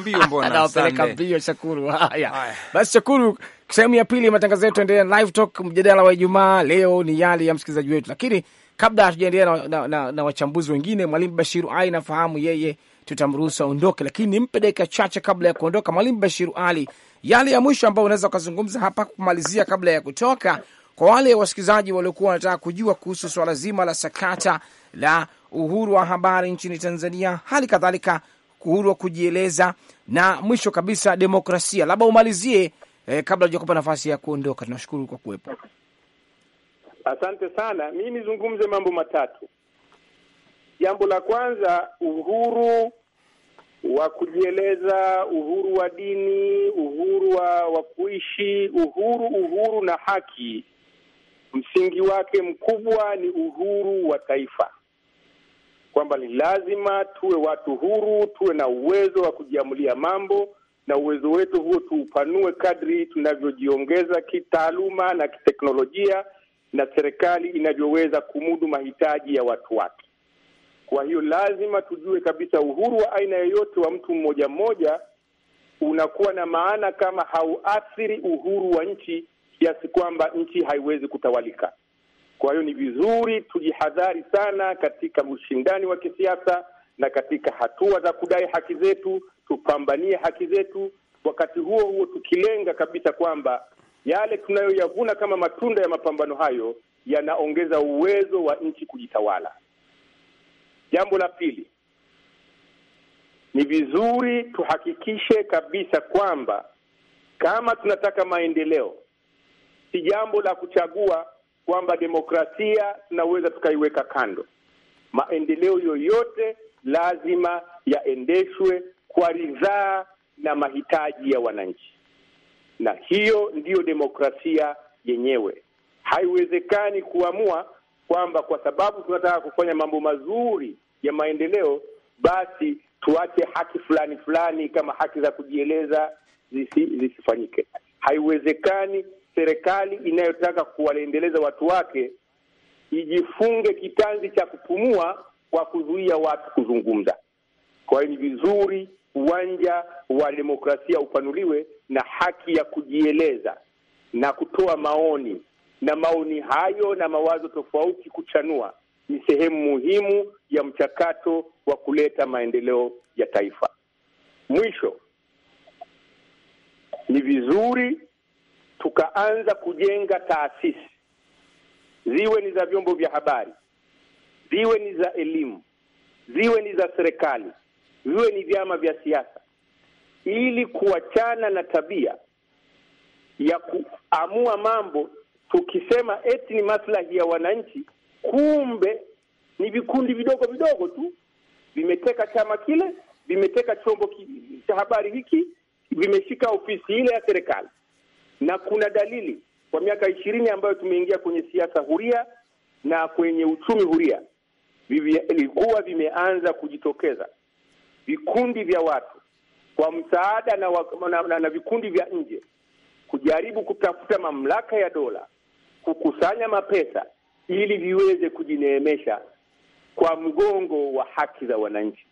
anawapeleka mbio Shakuru. Haya basi, Shakuru, sehemu ya pili ya matangazo yetu, endelea na Live Talk, mjadala wa Ijumaa. Leo ni yale ya msikilizaji wetu, lakini Kabla hatujaendelea na, na, na, na wachambuzi wengine, Mwalimu Bashiru Ali nafahamu yeye tutamruhusu aondoke, lakini nimpe dakika chache kabla ya kuondoka. Mwalimu Bashiru Ali, yale ya mwisho ambayo unaweza ukazungumza hapa kumalizia kabla ya kutoka, kwa wale wasikilizaji waliokuwa wanataka kujua kuhusu swala zima la sakata la uhuru wa habari nchini Tanzania, hali kadhalika uhuru wa kujieleza na mwisho kabisa demokrasia, labda umalizie eh, kabla hujakupa nafasi ya kuondoka. Tunashukuru kwa kuwepo. Asante sana. Mi nizungumze mambo matatu. Jambo la kwanza, uhuru wa kujieleza, uhuru wa dini, uhuru wa, wa kuishi, uhuru uhuru na haki, msingi wake mkubwa ni uhuru wa taifa, kwamba ni lazima tuwe watu huru, tuwe na uwezo wa kujiamulia mambo na uwezo wetu huo tuupanue kadri tunavyojiongeza kitaaluma na kiteknolojia na serikali inavyoweza kumudu mahitaji ya watu wake. Kwa hiyo lazima tujue kabisa uhuru wa aina yoyote wa mtu mmoja mmoja unakuwa na maana kama hauathiri uhuru wa nchi kiasi kwamba nchi haiwezi kutawalika. Kwa hiyo ni vizuri tujihadhari sana katika ushindani wa kisiasa na katika hatua za kudai haki zetu, tupambanie haki zetu, wakati huo huo tukilenga kabisa kwamba yale tunayoyavuna kama matunda ya mapambano hayo yanaongeza uwezo wa nchi kujitawala. Jambo la pili, ni vizuri tuhakikishe kabisa kwamba kama tunataka maendeleo, si jambo la kuchagua kwamba demokrasia tunaweza tukaiweka kando. Maendeleo yoyote lazima yaendeshwe kwa ridhaa na mahitaji ya wananchi na hiyo ndiyo demokrasia yenyewe. Haiwezekani kuamua kwamba kwa sababu tunataka kufanya mambo mazuri ya maendeleo, basi tuache haki fulani fulani kama haki za kujieleza zisi, zisifanyike. Haiwezekani serikali inayotaka kuwaendeleza watu wake ijifunge kitanzi cha kupumua kwa kuzuia watu kuzungumza. Kwa hiyo ni vizuri uwanja wa demokrasia upanuliwe na haki ya kujieleza na kutoa maoni, na maoni hayo na mawazo tofauti kuchanua ni sehemu muhimu ya mchakato wa kuleta maendeleo ya taifa. Mwisho, ni vizuri tukaanza kujenga taasisi, ziwe ni za vyombo vya habari, ziwe ni za elimu, ziwe ni za serikali, ziwe ni vyama vya siasa ili kuachana na tabia ya kuamua mambo tukisema eti ni maslahi ya wananchi, kumbe ni vikundi vidogo vidogo tu vimeteka chama kile, vimeteka chombo cha habari hiki, vimeshika ofisi ile ya serikali. Na kuna dalili kwa miaka ishirini ambayo tumeingia kwenye siasa huria na kwenye uchumi huria, vilikuwa vimeanza kujitokeza vikundi vya watu kwa msaada na, wa, na, na, na vikundi vya nje kujaribu kutafuta mamlaka ya dola kukusanya mapesa ili viweze kujineemesha kwa mgongo wa haki za wananchi.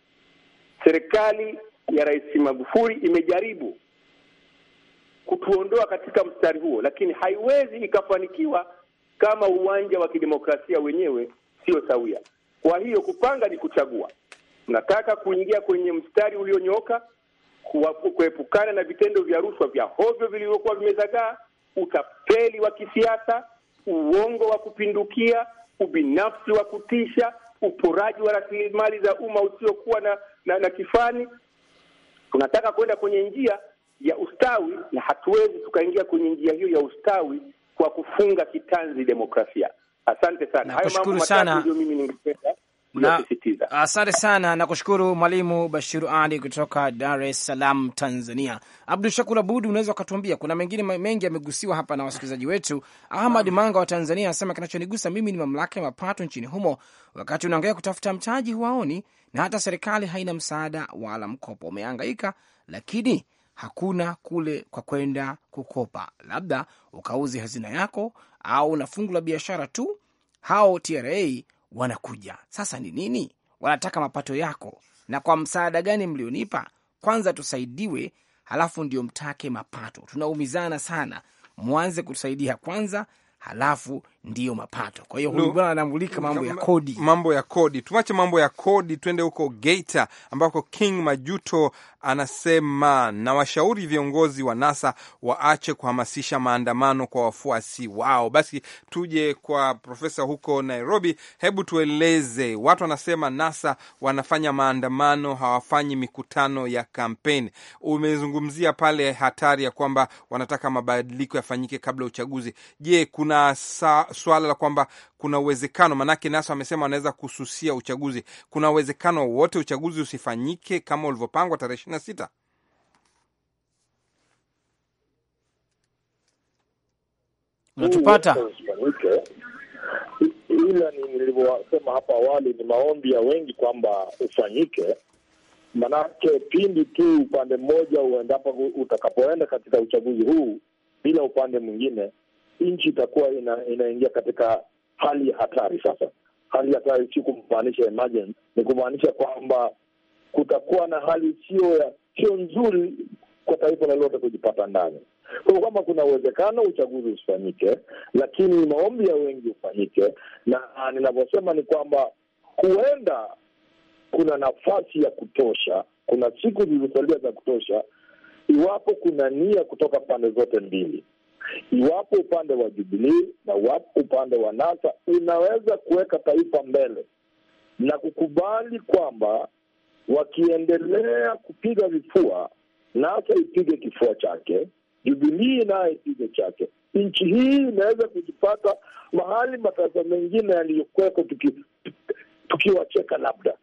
Serikali ya Rais Magufuli imejaribu kutuondoa katika mstari huo, lakini haiwezi ikafanikiwa kama uwanja wa kidemokrasia wenyewe sio sawia. Kwa hiyo kupanga ni kuchagua. unataka kuingia kwenye mstari ulionyooka kuepukana na vitendo vya rushwa vya hovyo vilivyokuwa vimezagaa, utapeli wa kisiasa, uongo wa kupindukia, ubinafsi wa kutisha, uporaji wa rasilimali za umma usiokuwa na, na, na kifani. Tunataka kwenda kwenye njia ya ustawi, na hatuwezi tukaingia kwenye njia hiyo ya ustawi kwa kufunga kitanzi demokrasia. Asante sana, hayo mambo matatu ndio mimi ningependa na, Asante sana, na kushukuru Mwalimu Bashiru Ali kutoka Dar es Salaam, Tanzania. Abdu Shakur Abud, unaweza ukatuambia, kuna mengine mengi yamegusiwa hapa na wasikilizaji wetu. Ahmad Manga wa Tanzania anasema kinachonigusa mimi ni mamlaka ya mapato nchini humo, wakati unaangalia kutafuta mtaji huwaoni, na hata serikali haina msaada wala mkopo. Umehangaika lakini hakuna kule kwa kwenda kukopa, labda ukauzi hazina yako au na fungu la biashara tu. Hao TRA wanakuja. Sasa ni nini wanataka? Mapato yako na kwa msaada gani mlionipa? Kwanza tusaidiwe, halafu ndio mtake mapato. Tunaumizana sana, mwanze kusaidia kwanza, halafu ndiyo mapato. Kwa hiyo huyu bwana anamulika mambo ya kodi, mambo ya kodi. Tuache mambo ya kodi, tuende huko Geita ambako King Majuto anasema na washauri viongozi wa NASA waache kuhamasisha maandamano kwa wafuasi wao. Basi tuje kwa profesa huko Nairobi, hebu tueleze watu. Wanasema NASA wanafanya maandamano, hawafanyi mikutano ya kampeni. Umezungumzia pale hatari ya kwamba wanataka mabadiliko yafanyike kabla ya uchaguzi. Je, kuna swala la kwamba kuna uwezekano manake, NASA amesema wanaweza kususia uchaguzi. Kuna uwezekano wote uchaguzi usifanyike kama ulivyopangwa tarehe ishirini na sita? Unatupata? Ila nilivyosema hapo awali, ni maombi ya wengi kwamba ufanyike, manake pindi tu upande mmoja uendapo utakapoenda katika uchaguzi huu bila upande mwingine nchi itakuwa ina, inaingia katika hali ya hatari. Sasa hali ya hatari si kumaanisha emergency, ni kumaanisha kwamba kutakuwa na hali sio ya sio nzuri kwa taifa lolote kujipata ndani. Kwa kwamba kuna uwezekano uchaguzi usifanyike, lakini maombi ya wengi ufanyike, na ninavyosema ni kwamba huenda kuna nafasi ya kutosha, kuna siku zilizosalia za kutosha, iwapo kuna nia kutoka pande zote mbili. Iwapo upande wa Jubilii na iwapo upande wa NASA unaweza kuweka taifa mbele na kukubali kwamba wakiendelea kupiga vifua, NASA ipige kifua chake, Jubilii nayo ipige chake, nchi hii inaweza kujipata mahali mataifa mengine yaliyokuweko tuki, tukiwacheka labda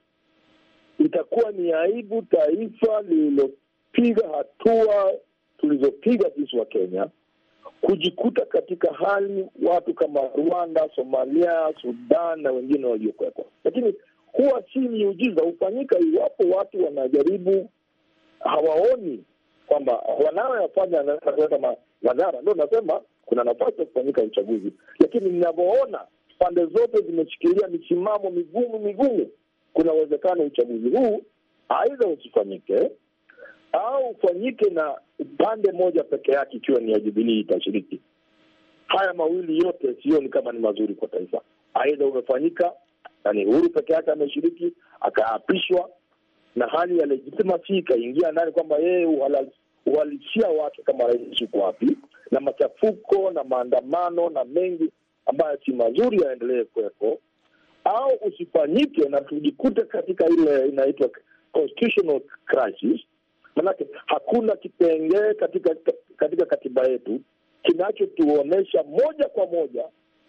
itakuwa ni aibu taifa lililopiga hatua tulizopiga sisi wa Kenya kujikuta katika hali watu kama Rwanda, Somalia, Sudan na wengine waliokwekwa. Lakini huwa si miujiza, hufanyika iwapo watu wanajaribu, hawaoni kwamba wanayoyafanya anaweza kuleta madhara. Ndio nasema kuna nafasi ya kufanyika uchaguzi, lakini ninavyoona pande zote zimeshikilia misimamo migumu migumu, kuna uwezekano uchaguzi huu aidha usifanyike au ufanyike na upande moja peke yake, ikiwa ni ya Jubilii itashiriki. Haya mawili yote sioni kama ni mazuri kwa taifa. Aidha umefanyika na ni Uhuru peke yake ameshiriki, akaapishwa na hali ya legitimasi ikaingia ndani kwamba yeye uhalisia wake kama rais uko wapi, na machafuko na maandamano na mengi ambayo si mazuri yaendelee kuweko, au usifanyike na tujikute katika ile inaitwa constitutional crisis Manake hakuna kipengee katika katika katiba yetu kinachotuonyesha moja kwa moja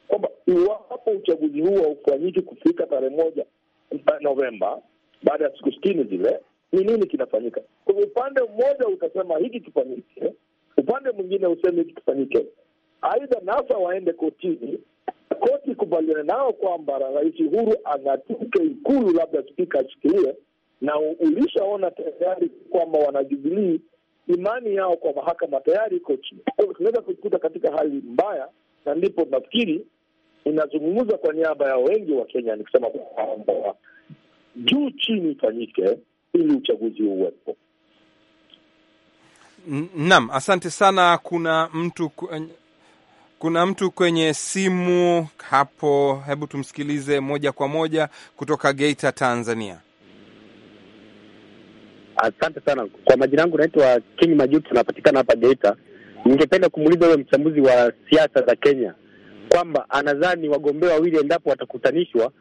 kwamba iwapo uchaguzi huo haufanyiki kufika tarehe moja Novemba, baada ya siku sitini zile, ni nini kinafanyika. Kwa upande mmoja utasema hiki kifanyike, upande mwingine useme hiki kifanyike. Aidha, NASA waende kotini, koti ikubaliane nao kwamba Rais Uhuru ang'atuke Ikulu, labda spika ashikilie na ulishaona tayari kwamba wanajubilii imani yao kwa mahakama tayari iko chini. Kwa tunaweza kujikuta katika hali mbaya, na ndipo nafikiri inazungumza kwa niaba ya wengi wa Kenya, kusema kwamba juu chini ifanyike ili uchaguzi uwepo. Naam, asante sana. Kuna mtu kuna mtu kwenye simu hapo, hebu tumsikilize moja kwa moja kutoka Geita, Tanzania. Asante sana kwa majina yangu, naitwa King Majuti, napatikana hapa Geita. Ningependa kumuuliza huyo mchambuzi wa siasa za Kenya kwamba anadhani wagombea wawili endapo watakutanishwa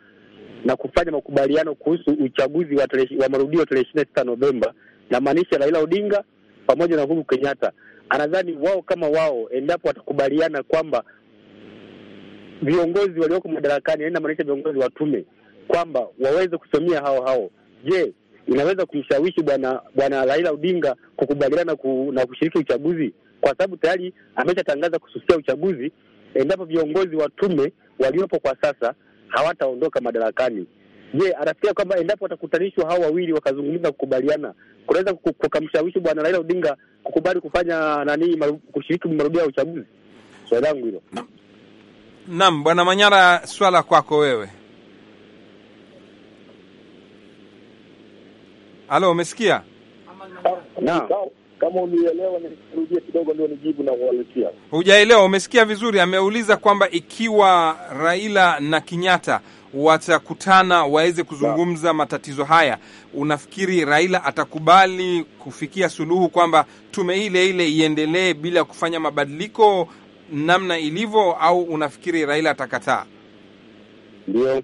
na kufanya makubaliano kuhusu uchaguzi wa, wa marudio tarehe ishirini na sita Novemba, na maanisha Raila Odinga pamoja na Uhuru Kenyatta, anadhani wao kama wao endapo watakubaliana kwamba viongozi walioko madarakani, yaani namaanisha viongozi wa tume, kwamba waweze kusimamia hao hao, je, inaweza kumshawishi bwana bwana Raila Odinga kukubaliana ku, na kushiriki uchaguzi, kwa sababu tayari ameshatangaza kususia uchaguzi endapo viongozi wa tume waliopo kwa sasa hawataondoka madarakani. Je, anafikiria kwamba endapo watakutanishwa hao wawili wakazungumza kukubaliana, kunaweza kukamshawishi bwana Raila Odinga kukubali kufanya nani, kushiriki marudio ya uchaguzi? Swali langu hilo. Naam, bwana Manyara, swala kwako wewe. Halo, umesikia? Naam. Kama unielewa nirudie kidogo ndio nijibu na kuwaletea. Hujaelewa, umesikia vizuri. Ameuliza kwamba ikiwa Raila na Kenyatta watakutana waweze kuzungumza matatizo haya, unafikiri Raila atakubali kufikia suluhu kwamba tume ile ile iendelee bila kufanya mabadiliko namna ilivyo, au unafikiri Raila atakataa? Ndio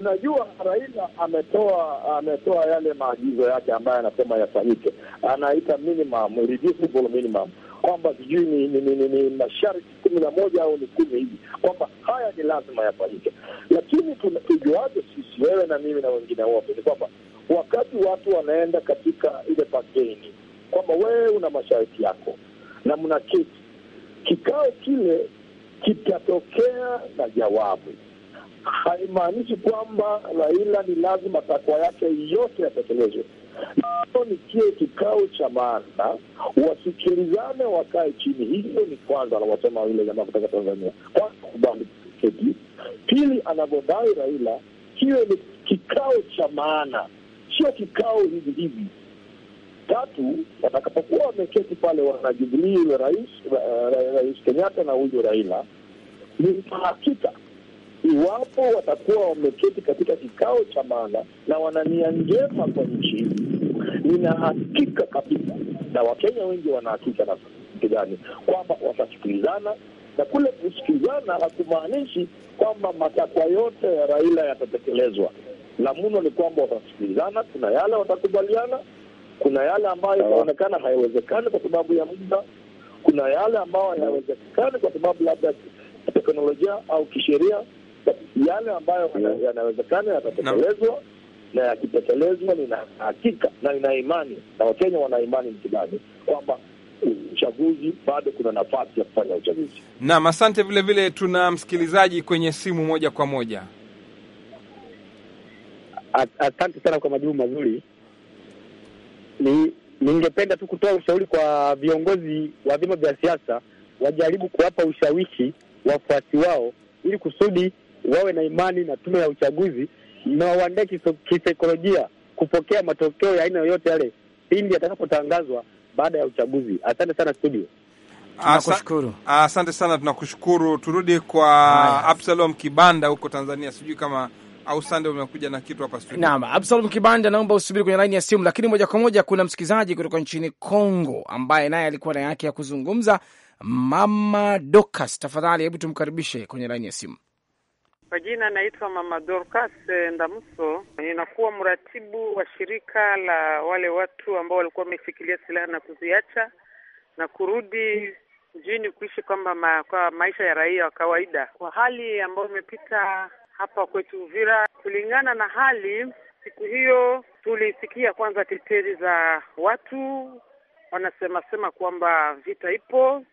Unajua, Raila ametoa ametoa yale maagizo yake ambayo anasema yafanyike, anaita minimum reducible minimum, kwamba sijui ni, ni, ni, ni masharti kumi na moja au ni kumi hivi, kwamba haya ni lazima yafanyike. Lakini tujuaje sisi, wewe na mimi na wengine wote, ni kwamba wakati watu wanaenda katika ile pakeni, kwamba wewe una masharti yako na mnaketi kikao kile, kitatokea na jawabu haimaanishi kwamba Raila ni lazima takwa yake yote yatekelezwe. Hiyo ni kile kikao cha maana, wasikilizane, wakae chini. Hiyo ni kwanza, anawasema yule jamaa kutoka Tanzania, kwanza kubali Pili, anavyodai Raila, kiwe ni kikao cha maana, sio kikao hivi hivi. Tatu, watakapokuwa wameketi pale, wanajubilii yule rais, eh, rais Kenyatta na huyu Raila, ni hakika iwapo watakuwa wameketi katika kikao cha maana na wanania njema kwa nchi, nina hakika kabisa na Wakenya wengi wanahakika na gani kwamba watasikilizana na kule kusikilizana hakumaanishi kwamba matakwa yote ya Raila yatatekelezwa. La muno ni kwamba watasikilizana, kuna yale watakubaliana, kuna yale ambayo inaonekana hayawezekani kwa sababu ya muda, kuna yale ambayo hayawezekani kwa sababu labda teknolojia au kisheria, yale ambayo mm. yanawezekana yatatekelezwa na yakitekelezwa, nina hakika na nina imani na Wakenya wana imani mtibani kwamba uchaguzi bado kuna nafasi ya kufanya uchaguzi. Naam, asante. Vile vile tuna msikilizaji kwenye simu moja kwa moja. Asante sana kwa majibu mazuri. Ni ningependa tu kutoa ushauri kwa viongozi wa vyama vya siasa, wajaribu kuwapa ushawishi wafuasi wao ili kusudi wawe na imani na tume ya uchaguzi na waandae kisaikolojia kupokea matokeo ya aina yoyote yale pindi yatakapotangazwa baada ya uchaguzi. Asante sana studio. Tunakushukuru. Asante sana, tunakushukuru. Turudi kwa Absalom Kibanda huko Tanzania, sijui kama au Sande umekuja na kitu hapa studio. Naam, Absalom Kibanda, naomba usubiri kwenye laini ya simu, lakini moja kwa moja kuna msikilizaji kutoka nchini Kongo ambaye naye alikuwa na yake ya kuzungumza. Mama Dokas, tafadhali hebu tumkaribishe kwenye laini ya simu. Kwa jina naitwa Mama Dorcas eh, Ndamuso, ninakuwa mratibu wa shirika la wale watu ambao walikuwa wameshikilia silaha na kuziacha na kurudi mjini kuishi kwamba ma, kwa maisha ya raia wa kawaida. Kwa hali ambayo imepita hapa kwetu Uvira, kulingana na hali siku hiyo tulisikia kwanza teteri za watu wanasema sema kwamba vita ipo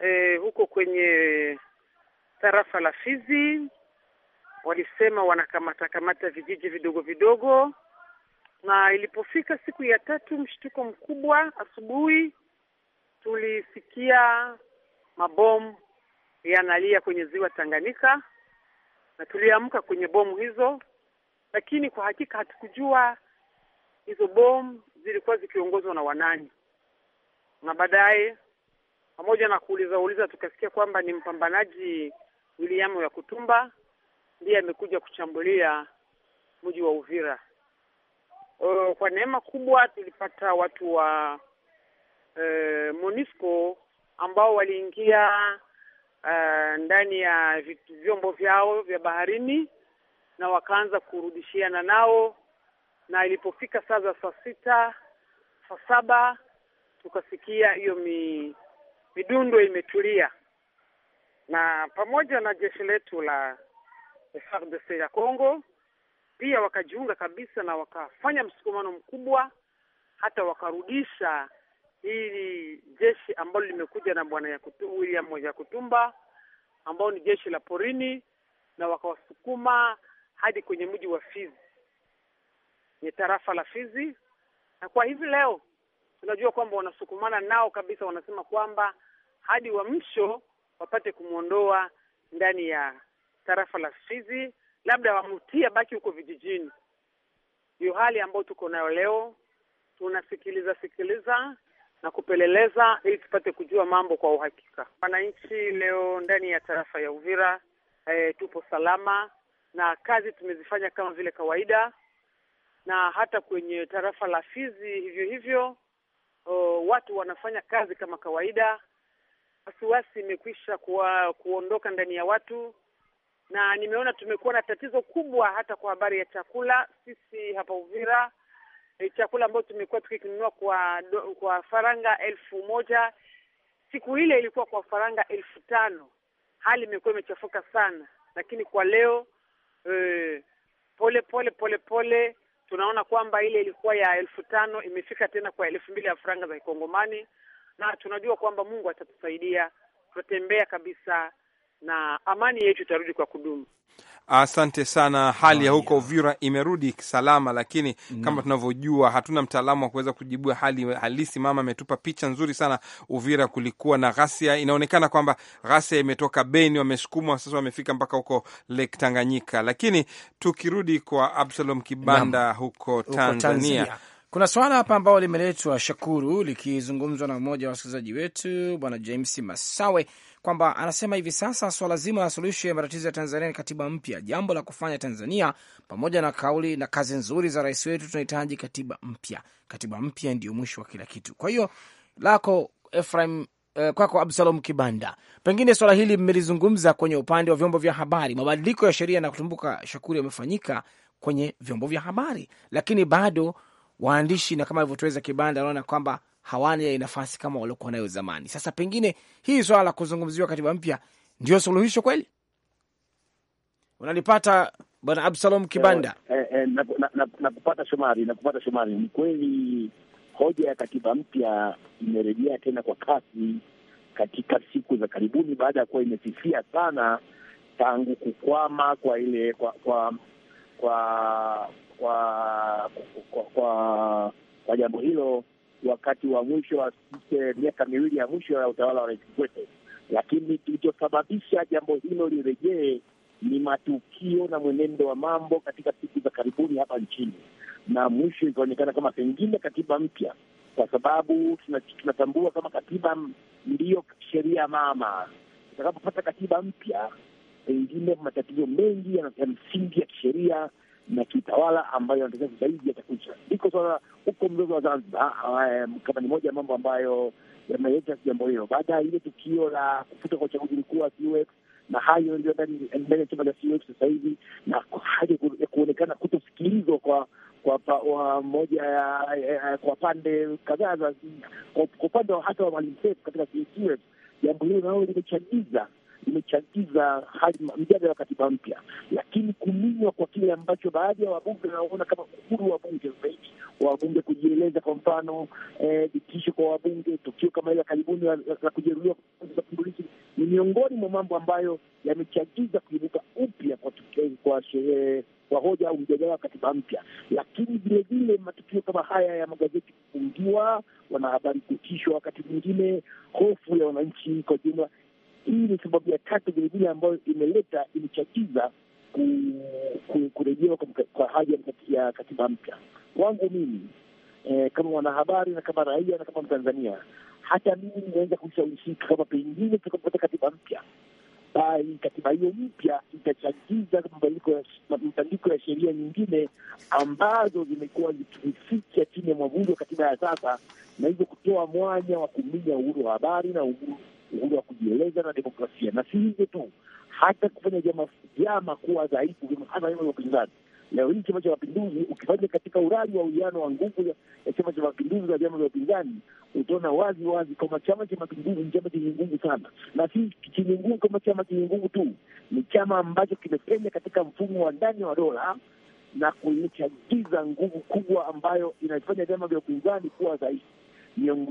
e, huko kwenye tarafa la Fizi walisema wanakamata kamata vijiji vidogo vidogo, na ilipofika siku ya tatu, mshtuko mkubwa. Asubuhi tulisikia mabomu yanalia kwenye ziwa Tanganyika na tuliamka kwenye bomu hizo, lakini kwa hakika hatukujua hizo bomu zilikuwa zikiongozwa na wanani. Na baadaye pamoja na kuuliza uliza, tukasikia kwamba ni mpambanaji William kutumba ndiye amekuja kuchambulia mji wa Uvira. O, kwa neema kubwa tulipata watu wa e, Monisco ambao waliingia Uh, ndani ya vyombo vyao vya baharini na wakaanza kurudishiana nao, na ilipofika saa za saa sita saa saba tukasikia hiyo mi, midundo imetulia, na pamoja na jeshi letu la FARDC ya Kongo pia wakajiunga kabisa na wakafanya msukumano mkubwa, hata wakarudisha hili jeshi ambalo limekuja na bwana William Yakutumba ambao ni jeshi la porini, na wakawasukuma hadi kwenye mji wa Fizi, ni tarafa la Fizi. Na kwa hivi leo tunajua kwamba wanasukumana nao kabisa, wanasema kwamba hadi wa msho wapate kumwondoa ndani ya tarafa la Fizi, labda wamutia baki huko vijijini. Ndiyo hali ambayo tuko nayo leo, tunasikiliza sikiliza na kupeleleza ili tupate kujua mambo kwa uhakika. Wananchi leo ndani ya tarafa ya Uvira e, tupo salama na kazi tumezifanya kama vile kawaida, na hata kwenye tarafa la Fizi hivyo hivyo o, watu wanafanya kazi kama kawaida. Wasiwasi imekwisha kuondoka ndani ya watu na nimeona tumekuwa na tatizo kubwa hata kwa habari ya chakula. Sisi hapa Uvira e, chakula ambayo tumekuwa tukikinunua kwa kwa faranga elfu moja siku ile ilikuwa kwa faranga elfu tano. Hali imekuwa imechafuka sana, lakini kwa leo e, pole pole pole pole tunaona kwamba ile ilikuwa ya elfu tano imefika tena kwa elfu mbili ya faranga za Kikongomani, na tunajua kwamba Mungu atatusaidia, tutatembea kabisa na amani yetu itarudi kwa kudumu. Asante sana. Hali ya huko Uvira imerudi salama, lakini mm, kama tunavyojua hatuna mtaalamu wa kuweza kujibua hali halisi. Mama ametupa picha nzuri sana. Uvira kulikuwa na ghasia, inaonekana kwamba ghasia imetoka Beni, wamesukumwa sasa, wamefika mpaka huko Lake Tanganyika. Lakini tukirudi kwa Absalom Kibanda huko Tanzania, huko Tanzania. Kuna swala hapa ambao limeletwa Shakuru, likizungumzwa na mmoja wa wasikilizaji wetu Bwana James Masawe, kwamba anasema hivi sasa swala zima la suluhisho ya matatizo ya Tanzania ni katiba mpya. Jambo la kufanya Tanzania, pamoja na kauli na kazi nzuri za rais wetu, tunahitaji katiba mpya. Katiba mpya ndio mwisho wa kila kitu. Kwa hiyo lako Efraim eh, kwako Absalom Kibanda, pengine swala hili mmelizungumza kwenye upande wa vyombo vya habari. Mabadiliko ya sheria na kutumbuka, Shakuri, yamefanyika kwenye vyombo vya habari, lakini bado waandishi, na kama alivyotoweza Kibanda, wanaona kwamba hawana ile nafasi kama waliokuwa nayo zamani. Sasa pengine hii swala la kuzungumziwa katiba mpya ndio suluhisho kweli? Unanipata bwana Absalom Kibanda? Eh, eh, nakupata eh, na, na, na Shomari, nakupata Shomari. Ni kweli hoja ya katiba mpya imerejea tena kwa kasi katika siku za karibuni baada ya kuwa imefifia sana tangu kukwama kwa ile kwa kwa, kwa kwa kwa, kwa, kwa jambo hilo wakati wa mwisho wa eh, miaka miwili ya mwisho ya utawala wa Rais Kikwete, lakini kilichosababisha jambo hilo lirejee ni matukio na mwenendo wa mambo katika siku za karibuni hapa nchini, na mwisho ikaonekana kama pengine katiba mpya, kwa sababu tunatambua kama katiba ndiyo sheria mama. utakapopata katiba mpya, pengine matatizo mengi ya msingi ya kisheria na kiutawala ambayo yanatakiwa zaidi yatakuja. Iko swala huko mzozo wa Zanzibar eh, kama ni moja ya mambo ambayo yameleta jambo hilo, baada ya ile tukio la kufuta kwa uchaguzi mkuu wa CUF na hayo ndio ndani ya chama cha CUF sasa hivi, na haja ya kuonekana kutosikilizwa kwa kwa moja ya kwa pande kadhaa, kwa upande hata wa Maalim Seif katika CUF, jambo hilo nao limechagiza imechagiza mjadala wa katiba mpya, lakini kuminywa kwa kile ambacho baadhi ya wabunge wanaona kama uhuru wa bunge zaidi wabunge kujieleza, kwa mfano eh, vitisho eh, kwa wabunge, tukio kama ile ya karibuni la kujeruhiwa mapindulizi ni miongoni mwa mambo ambayo yamechagiza kuibuka upya kwa, kwa sherehe kwa hoja au mjadala wa katiba mpya. Lakini vilevile matukio kama haya ya magazeti kufungiwa, wanahabari kutishwa, wakati mwingine hofu ya wananchi kwa jumla hii ni sababu ya tatu vilevile ambayo imeleta imechagiza kurejewa kwa haja ya katiba mpya. Kwangu mimi eh, kama mwanahabari na kama raia na kama Mtanzania, hata mimi inaweza kushawishika kama pengine tukapata katiba mpya, bali katiba hiyo mpya itachagiza mabadiliko ya sheria nyingine ambazo zimekuwa zikificha chini ya mwavuli wa katiba ya sasa, na hivyo kutoa mwanya wa kuminya uhuru wa habari na uhuru uhuru wa kujieleza na demokrasia. Na si hivyo tu, hata kufanya vyama vyama kuwa dhaifu, hasa vyama vya upinzani. Leo hii Chama cha Mapinduzi ukifanya katika urari wa uwiano wa nguvu ya Chama cha Mapinduzi na vyama vya upinzani, utaona wazi wazi kwamba Chama cha Mapinduzi ni chama chenye nguvu sana, na si chenye nguvu kama chama chenye nguvu tu, ni chama ambacho kimepenya katika mfumo wa ndani wa dola na kuichagiza nguvu kubwa ambayo inafanya vyama vya upinzani kuwa dhaifu.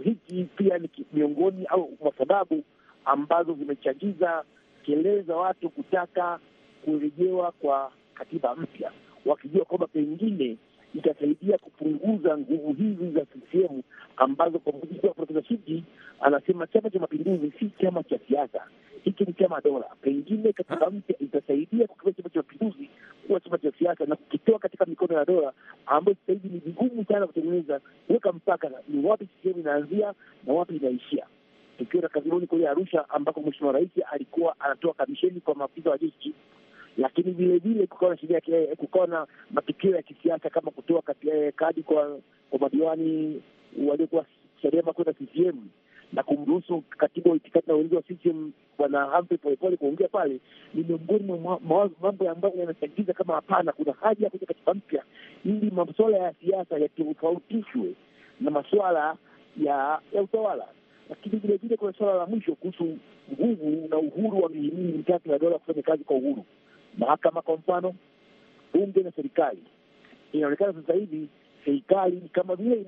Hiki pia ni miongoni au kwa sababu ambazo zimechagiza kelele za watu kutaka kurejewa kwa katiba mpya, wakijua kwamba pengine itasaidia kupunguza nguvu hizi za CCM ambazo kwa mujibu wa Profesa Shiji anasema Chama cha Mapinduzi si chama cha siasa, hiki ni chama dola. Pengine katiba mpya ah. itasaidia kukifanya Chama cha Mapinduzi kuwa chama cha siasa na kukitoa katika mikono ya dola ambayo sasa hivi ni vigumu sana kutengeneza, kuweka mpaka ni wapi CCM inaanzia na wapi inaishia. Tukiwa na kazimoni kule Arusha ambako mheshimiwa rais alikuwa anatoa kamisheni kwa maafisa wa jeshi lakini vilevile kukawa na sheria, kukawa na matukio ya kisiasa kama kutoa eh, kadi kwa kwa madiwani waliokuwa Chadema kwenda CCM na kumruhusu katibu wa itikadi na uongozi wa CCM Bwana Humphrey Polepole kuongea pale, ni miongoni mwa mambo ambayo yanachangiza kama hapana, kuna haja ya kuja katiba mpya ili masuala ya siasa yatofautishwe na masuala ya ya utawala. Lakini vilevile kuna suala la mwisho kuhusu nguvu na uhuru wa mihimili mitatu ya dola kufanya kazi kwa uhuru mahakama, kwa mfano bunge na serikali. Inaonekana sasa hivi serikali kama vile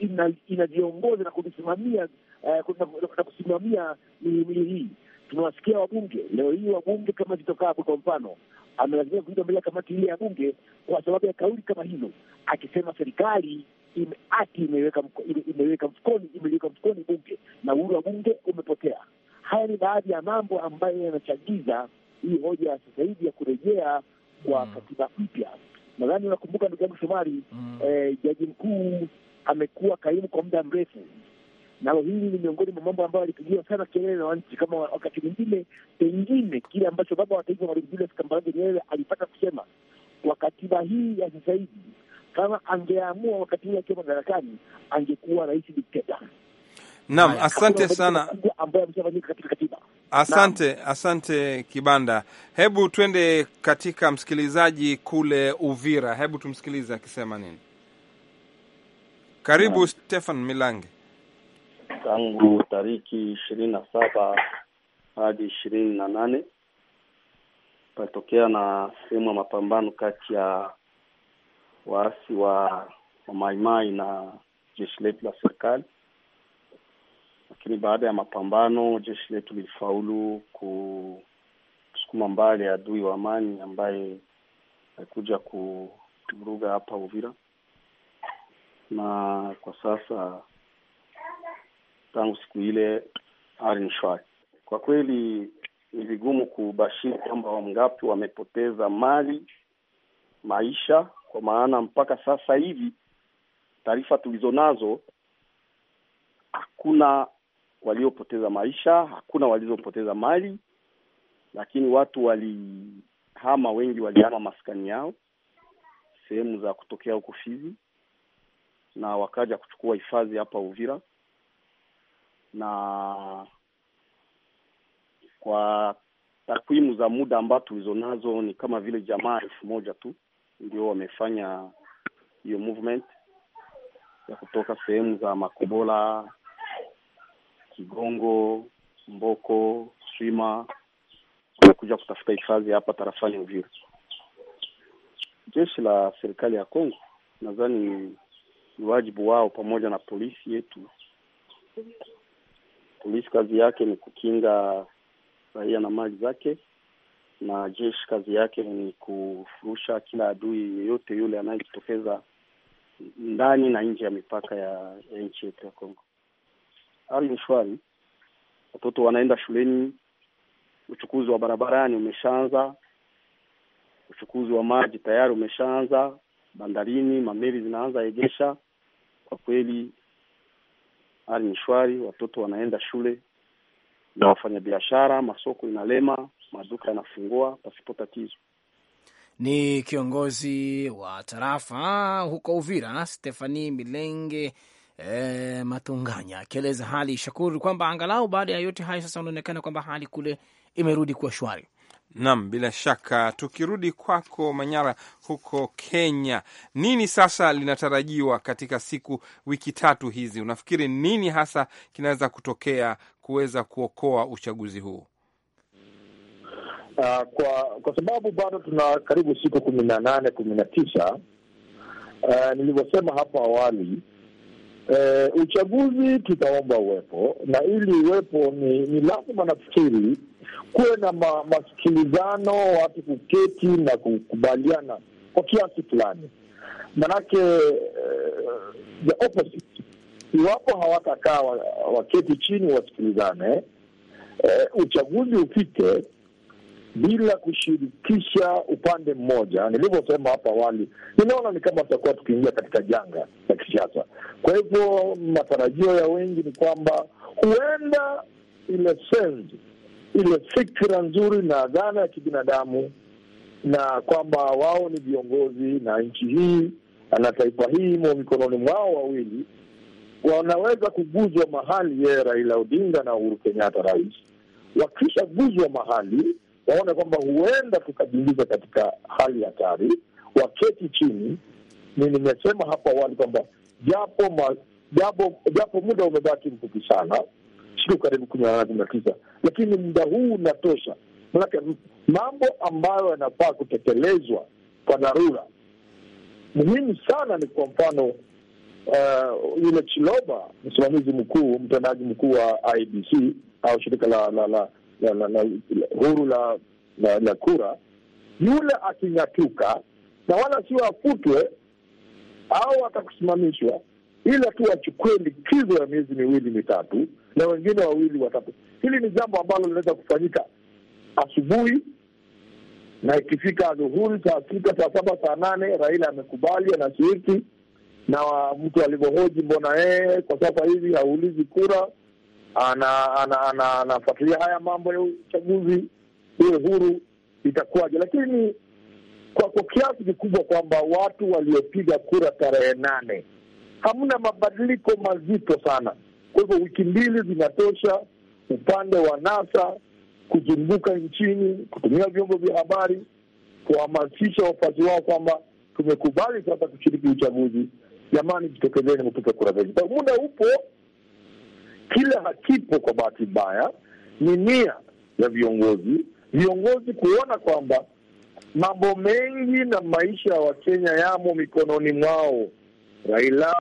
inajiongoza ina, ina na kulisimamia uh, na kusimamia eh, mihimili hii. Tunawasikia wabunge leo hii, wabunge kama zitokabwe kwa mfano amelazimika kuita mbele ya kamati ile ya bunge kwa sababu ya kauli kama hilo, akisema serikali ime, ati imeweka imeweka mfukoni imeliweka mfukoni bunge na uhuru wa bunge umepotea. Haya ni baadhi ya mambo ambayo yanachagiza hii hoja sasa hivi ya kurejea kwa mm. katiba mpya. Nadhani unakumbuka ndugu yangu Shomari mm. eh, jaji mkuu amekuwa kaimu kwa muda mrefu, nalo hili ni miongoni mwa mambo ambayo alipigiwa sana kelele na wananchi, kama wakati mwingine pengine kile ambacho baba wa taifa Mwalimu Julius Kambarage Nyerere alipata kusema kwa katiba hii ya sasa hivi, kama angeamua wakati huu akiwa madarakani, angekuwa rais dikteta. Naam, asante sana, asante Asante Kibanda, hebu twende katika msikilizaji kule Uvira, hebu tumsikilize akisema nini. Karibu Naam. Stefan Milange. Tangu tariki ishirini na saba hadi ishirini na nane patokea na sehemu ya mapambano kati ya waasi wa, wa maimai na jeshi letu la serikali lakini baada ya mapambano, jeshi letu lilifaulu kusukuma mbali adui wa amani ambaye alikuja kuvuruga hapa Uvira, na kwa sasa tangu siku ile hali ni shwari. Kwa kweli ni vigumu kubashiri kwamba wangapi wamepoteza mali, maisha, kwa maana mpaka sasa hivi taarifa tulizo nazo hakuna waliopoteza maisha, hakuna walizopoteza mali, lakini watu walihama, wengi walihama maskani yao sehemu za kutokea huko Fizi na wakaja kuchukua hifadhi hapa Uvira, na kwa takwimu za muda ambao tulizonazo ni kama vile jamaa elfu moja tu ndio wamefanya hiyo movement ya kutoka sehemu za Makobola Kigongo, Mboko, Swima kuja kutafuta hifadhi hapa tarafani Uvira. Jeshi la serikali ya Kongo nadhani ni wajibu wao pamoja na polisi yetu. Polisi kazi yake ni kukinga raia na mali zake, na jeshi kazi yake ni kufurusha kila adui yeyote yule anayejitokeza ndani na nje ya mipaka ya, ya nchi yetu ya Kongo hali ni shwari, watoto wanaenda shuleni. Uchukuzi wa barabarani umeshaanza, uchukuzi wa maji tayari umeshaanza bandarini, mameli zinaanza egesha. Kwa kweli hali ni shwari, watoto wanaenda shule na wafanyabiashara, masoko inalema, maduka yanafungua pasipo tatizo. Ni kiongozi wa tarafa huko Uvira, Stefani Milenge e, Matunganya akieleza hali Shakuru kwamba angalau baada ya yote hayo sasa unaonekana kwamba hali kule imerudi kuwa shwari. Naam, bila shaka. Tukirudi kwako Manyara huko Kenya, nini sasa linatarajiwa katika siku wiki tatu hizi? Unafikiri nini hasa kinaweza kutokea kuweza kuokoa uchaguzi huu? Uh, kwa kwa sababu bado tuna karibu siku kumi na nane kumi na tisa. Uh, nilivyosema hapo awali E, uchaguzi tutaomba uwepo na ili uwepo ni, ni lazima nafikiri kuwe na ma, masikilizano, watu kuketi na kukubaliana kwa kiasi fulani, manake eh, the opposite, iwapo hawatakaa waketi chini wasikilizane, e, uchaguzi upite bila kushirikisha upande mmoja. Nilivyosema hapo awali, ninaona ni kama tutakuwa tukiingia katika janga la kisiasa. Kwa hivyo matarajio ya wengi ni kwamba huenda ile senzi, ile fikra nzuri na dhana ya kibinadamu, na kwamba wao ni viongozi na nchi hii na taifa hii imo mikononi mwao wawili, wanaweza kuguzwa mahali, yeye Raila Odinga na Uhuru Kenyatta rais, wakishaguzwa mahali waone kwamba huenda tukajiingiza katika hali hatari, waketi chini. Ni nimesema hapo awali kwamba japo ma, japo japo muda umebaki mfupi sana, siku karibu kumi na nane kumi na tisa, lakini muda huu unatosha, manake mambo ambayo yanafaa kutekelezwa kwa dharura muhimu sana ni kwa mfano Uh, yule Chiloba msimamizi mkuu mtendaji mkuu wa IBC au shirika la la la, na, na, na huru la na, na kura, yule aking'atuka na wala sio afutwe au atakusimamishwa, ila tu achukue likizo ya miezi miwili mitatu, na wengine wawili watatu. Hili ni jambo ambalo linaweza kufanyika asubuhi na ikifika adhuhuri saa sita, saa saba, saa nane, Raila amekubali, anashiriki na mtu alivyohoji, mbona yeye kwa sasa hivi haulizi kura anafuatilia haya mambo ya uchaguzi uwe huru itakuwaje, lakini kwa kwa kiasi kikubwa kwamba watu waliopiga kura tarehe nane hamna mabadiliko mazito sana. Kwa hivyo wiki mbili zinatosha upande wa NASA kuzunguka nchini, kutumia vyombo vya habari kuhamasisha wafuasi wao kwamba tumekubali sasa kushiriki uchaguzi, jamani, jitokezeni mtupe kura zenu. Muda upo kila hakipo kwa bahati mbaya, ni nia ya viongozi viongozi kuona kwamba mambo mengi na maisha ya Wakenya yamo mikononi mwao, Raila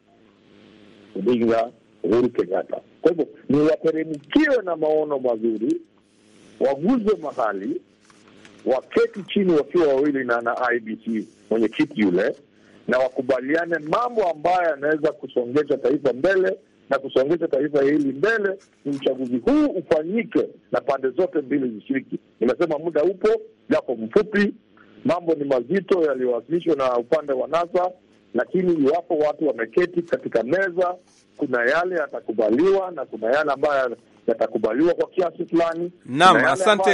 Odinga, Uhuru Kenyatta. Kwa hivyo ni wateremkiwe na maono mazuri, waguzwe mahali, waketi chini wakiwa wawili na na IBC mwenyekiti yule, na wakubaliane mambo ambayo yanaweza kusongesha taifa mbele na kusongeza taifa hili mbele, ni uchaguzi huu ufanyike na pande zote mbili zishiriki. Nimesema muda upo, japo mfupi. Mambo ni mazito yaliyowasilishwa na upande wa NASA, lakini iwapo watu wameketi katika meza, kuna yale yatakubaliwa na kuna yale ambayo yatakubaliwa kwa kiasi fulani. Naam, asante,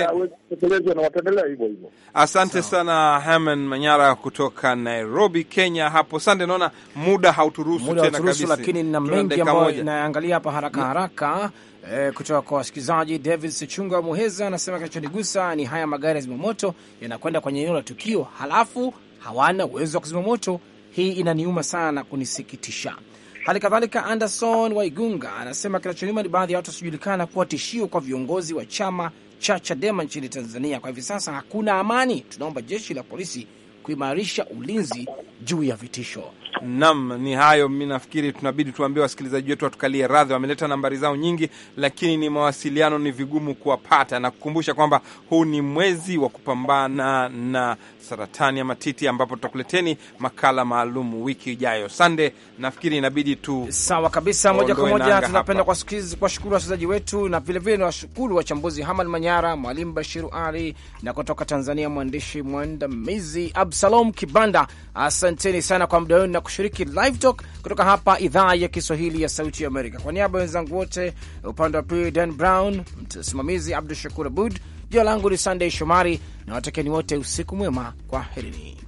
na wataendelea hivyo hivyo. Asante so sana Herman Manyara kutoka Nairobi, Kenya. Hapo sante, naona muda hauturuhusu tena kabisa, lakini nina mengi ambayo inaangalia hapa haraka haraka E, kutoka kwa wasikilizaji. David Sichunga Muheza anasema kinachonigusa ni haya magari ya zimamoto yanakwenda kwenye eneo la tukio, halafu hawana uwezo wa kuzima moto. Hii inaniuma sana na kunisikitisha. Hali kadhalika Anderson Waigunga anasema kinachonyuma ni baadhi ya watu wasiojulikana kuwa tishio kwa viongozi wa chama cha Chadema nchini Tanzania. Kwa hivi sasa hakuna amani, tunaomba jeshi la polisi kuimarisha ulinzi juu ya vitisho nam ni hayo. Mi nafikiri tunabidi tuambie wasikilizaji wetu watukalie radhi, wameleta nambari zao nyingi, lakini ni mawasiliano ni vigumu kuwapata, na kukumbusha kwamba huu ni mwezi wa kupambana na saratani ya matiti, ambapo tutakuleteni makala maalum wiki ijayo. Sande, nafikiri inabidi tu sawa kabisa. Moja kwa moja tunapenda kuwashukuru wasikilizaji wetu na vilevile ni washukuru wachambuzi Hamad Manyara, Mwalimu Bashiru Ali na kutoka Tanzania mwandishi mwandamizi Absalom Kibanda. Asanteni sana kwa muda wenu kushiriki live talk kutoka hapa idhaa ya Kiswahili ya Sauti ya Amerika. Kwa niaba ya wenzangu wote, upande wa pili Dan Brown, msimamizi Abdu Shakur Abud, jina langu ni Sandey Shomari na watakeni wote usiku mwema, kwa herini.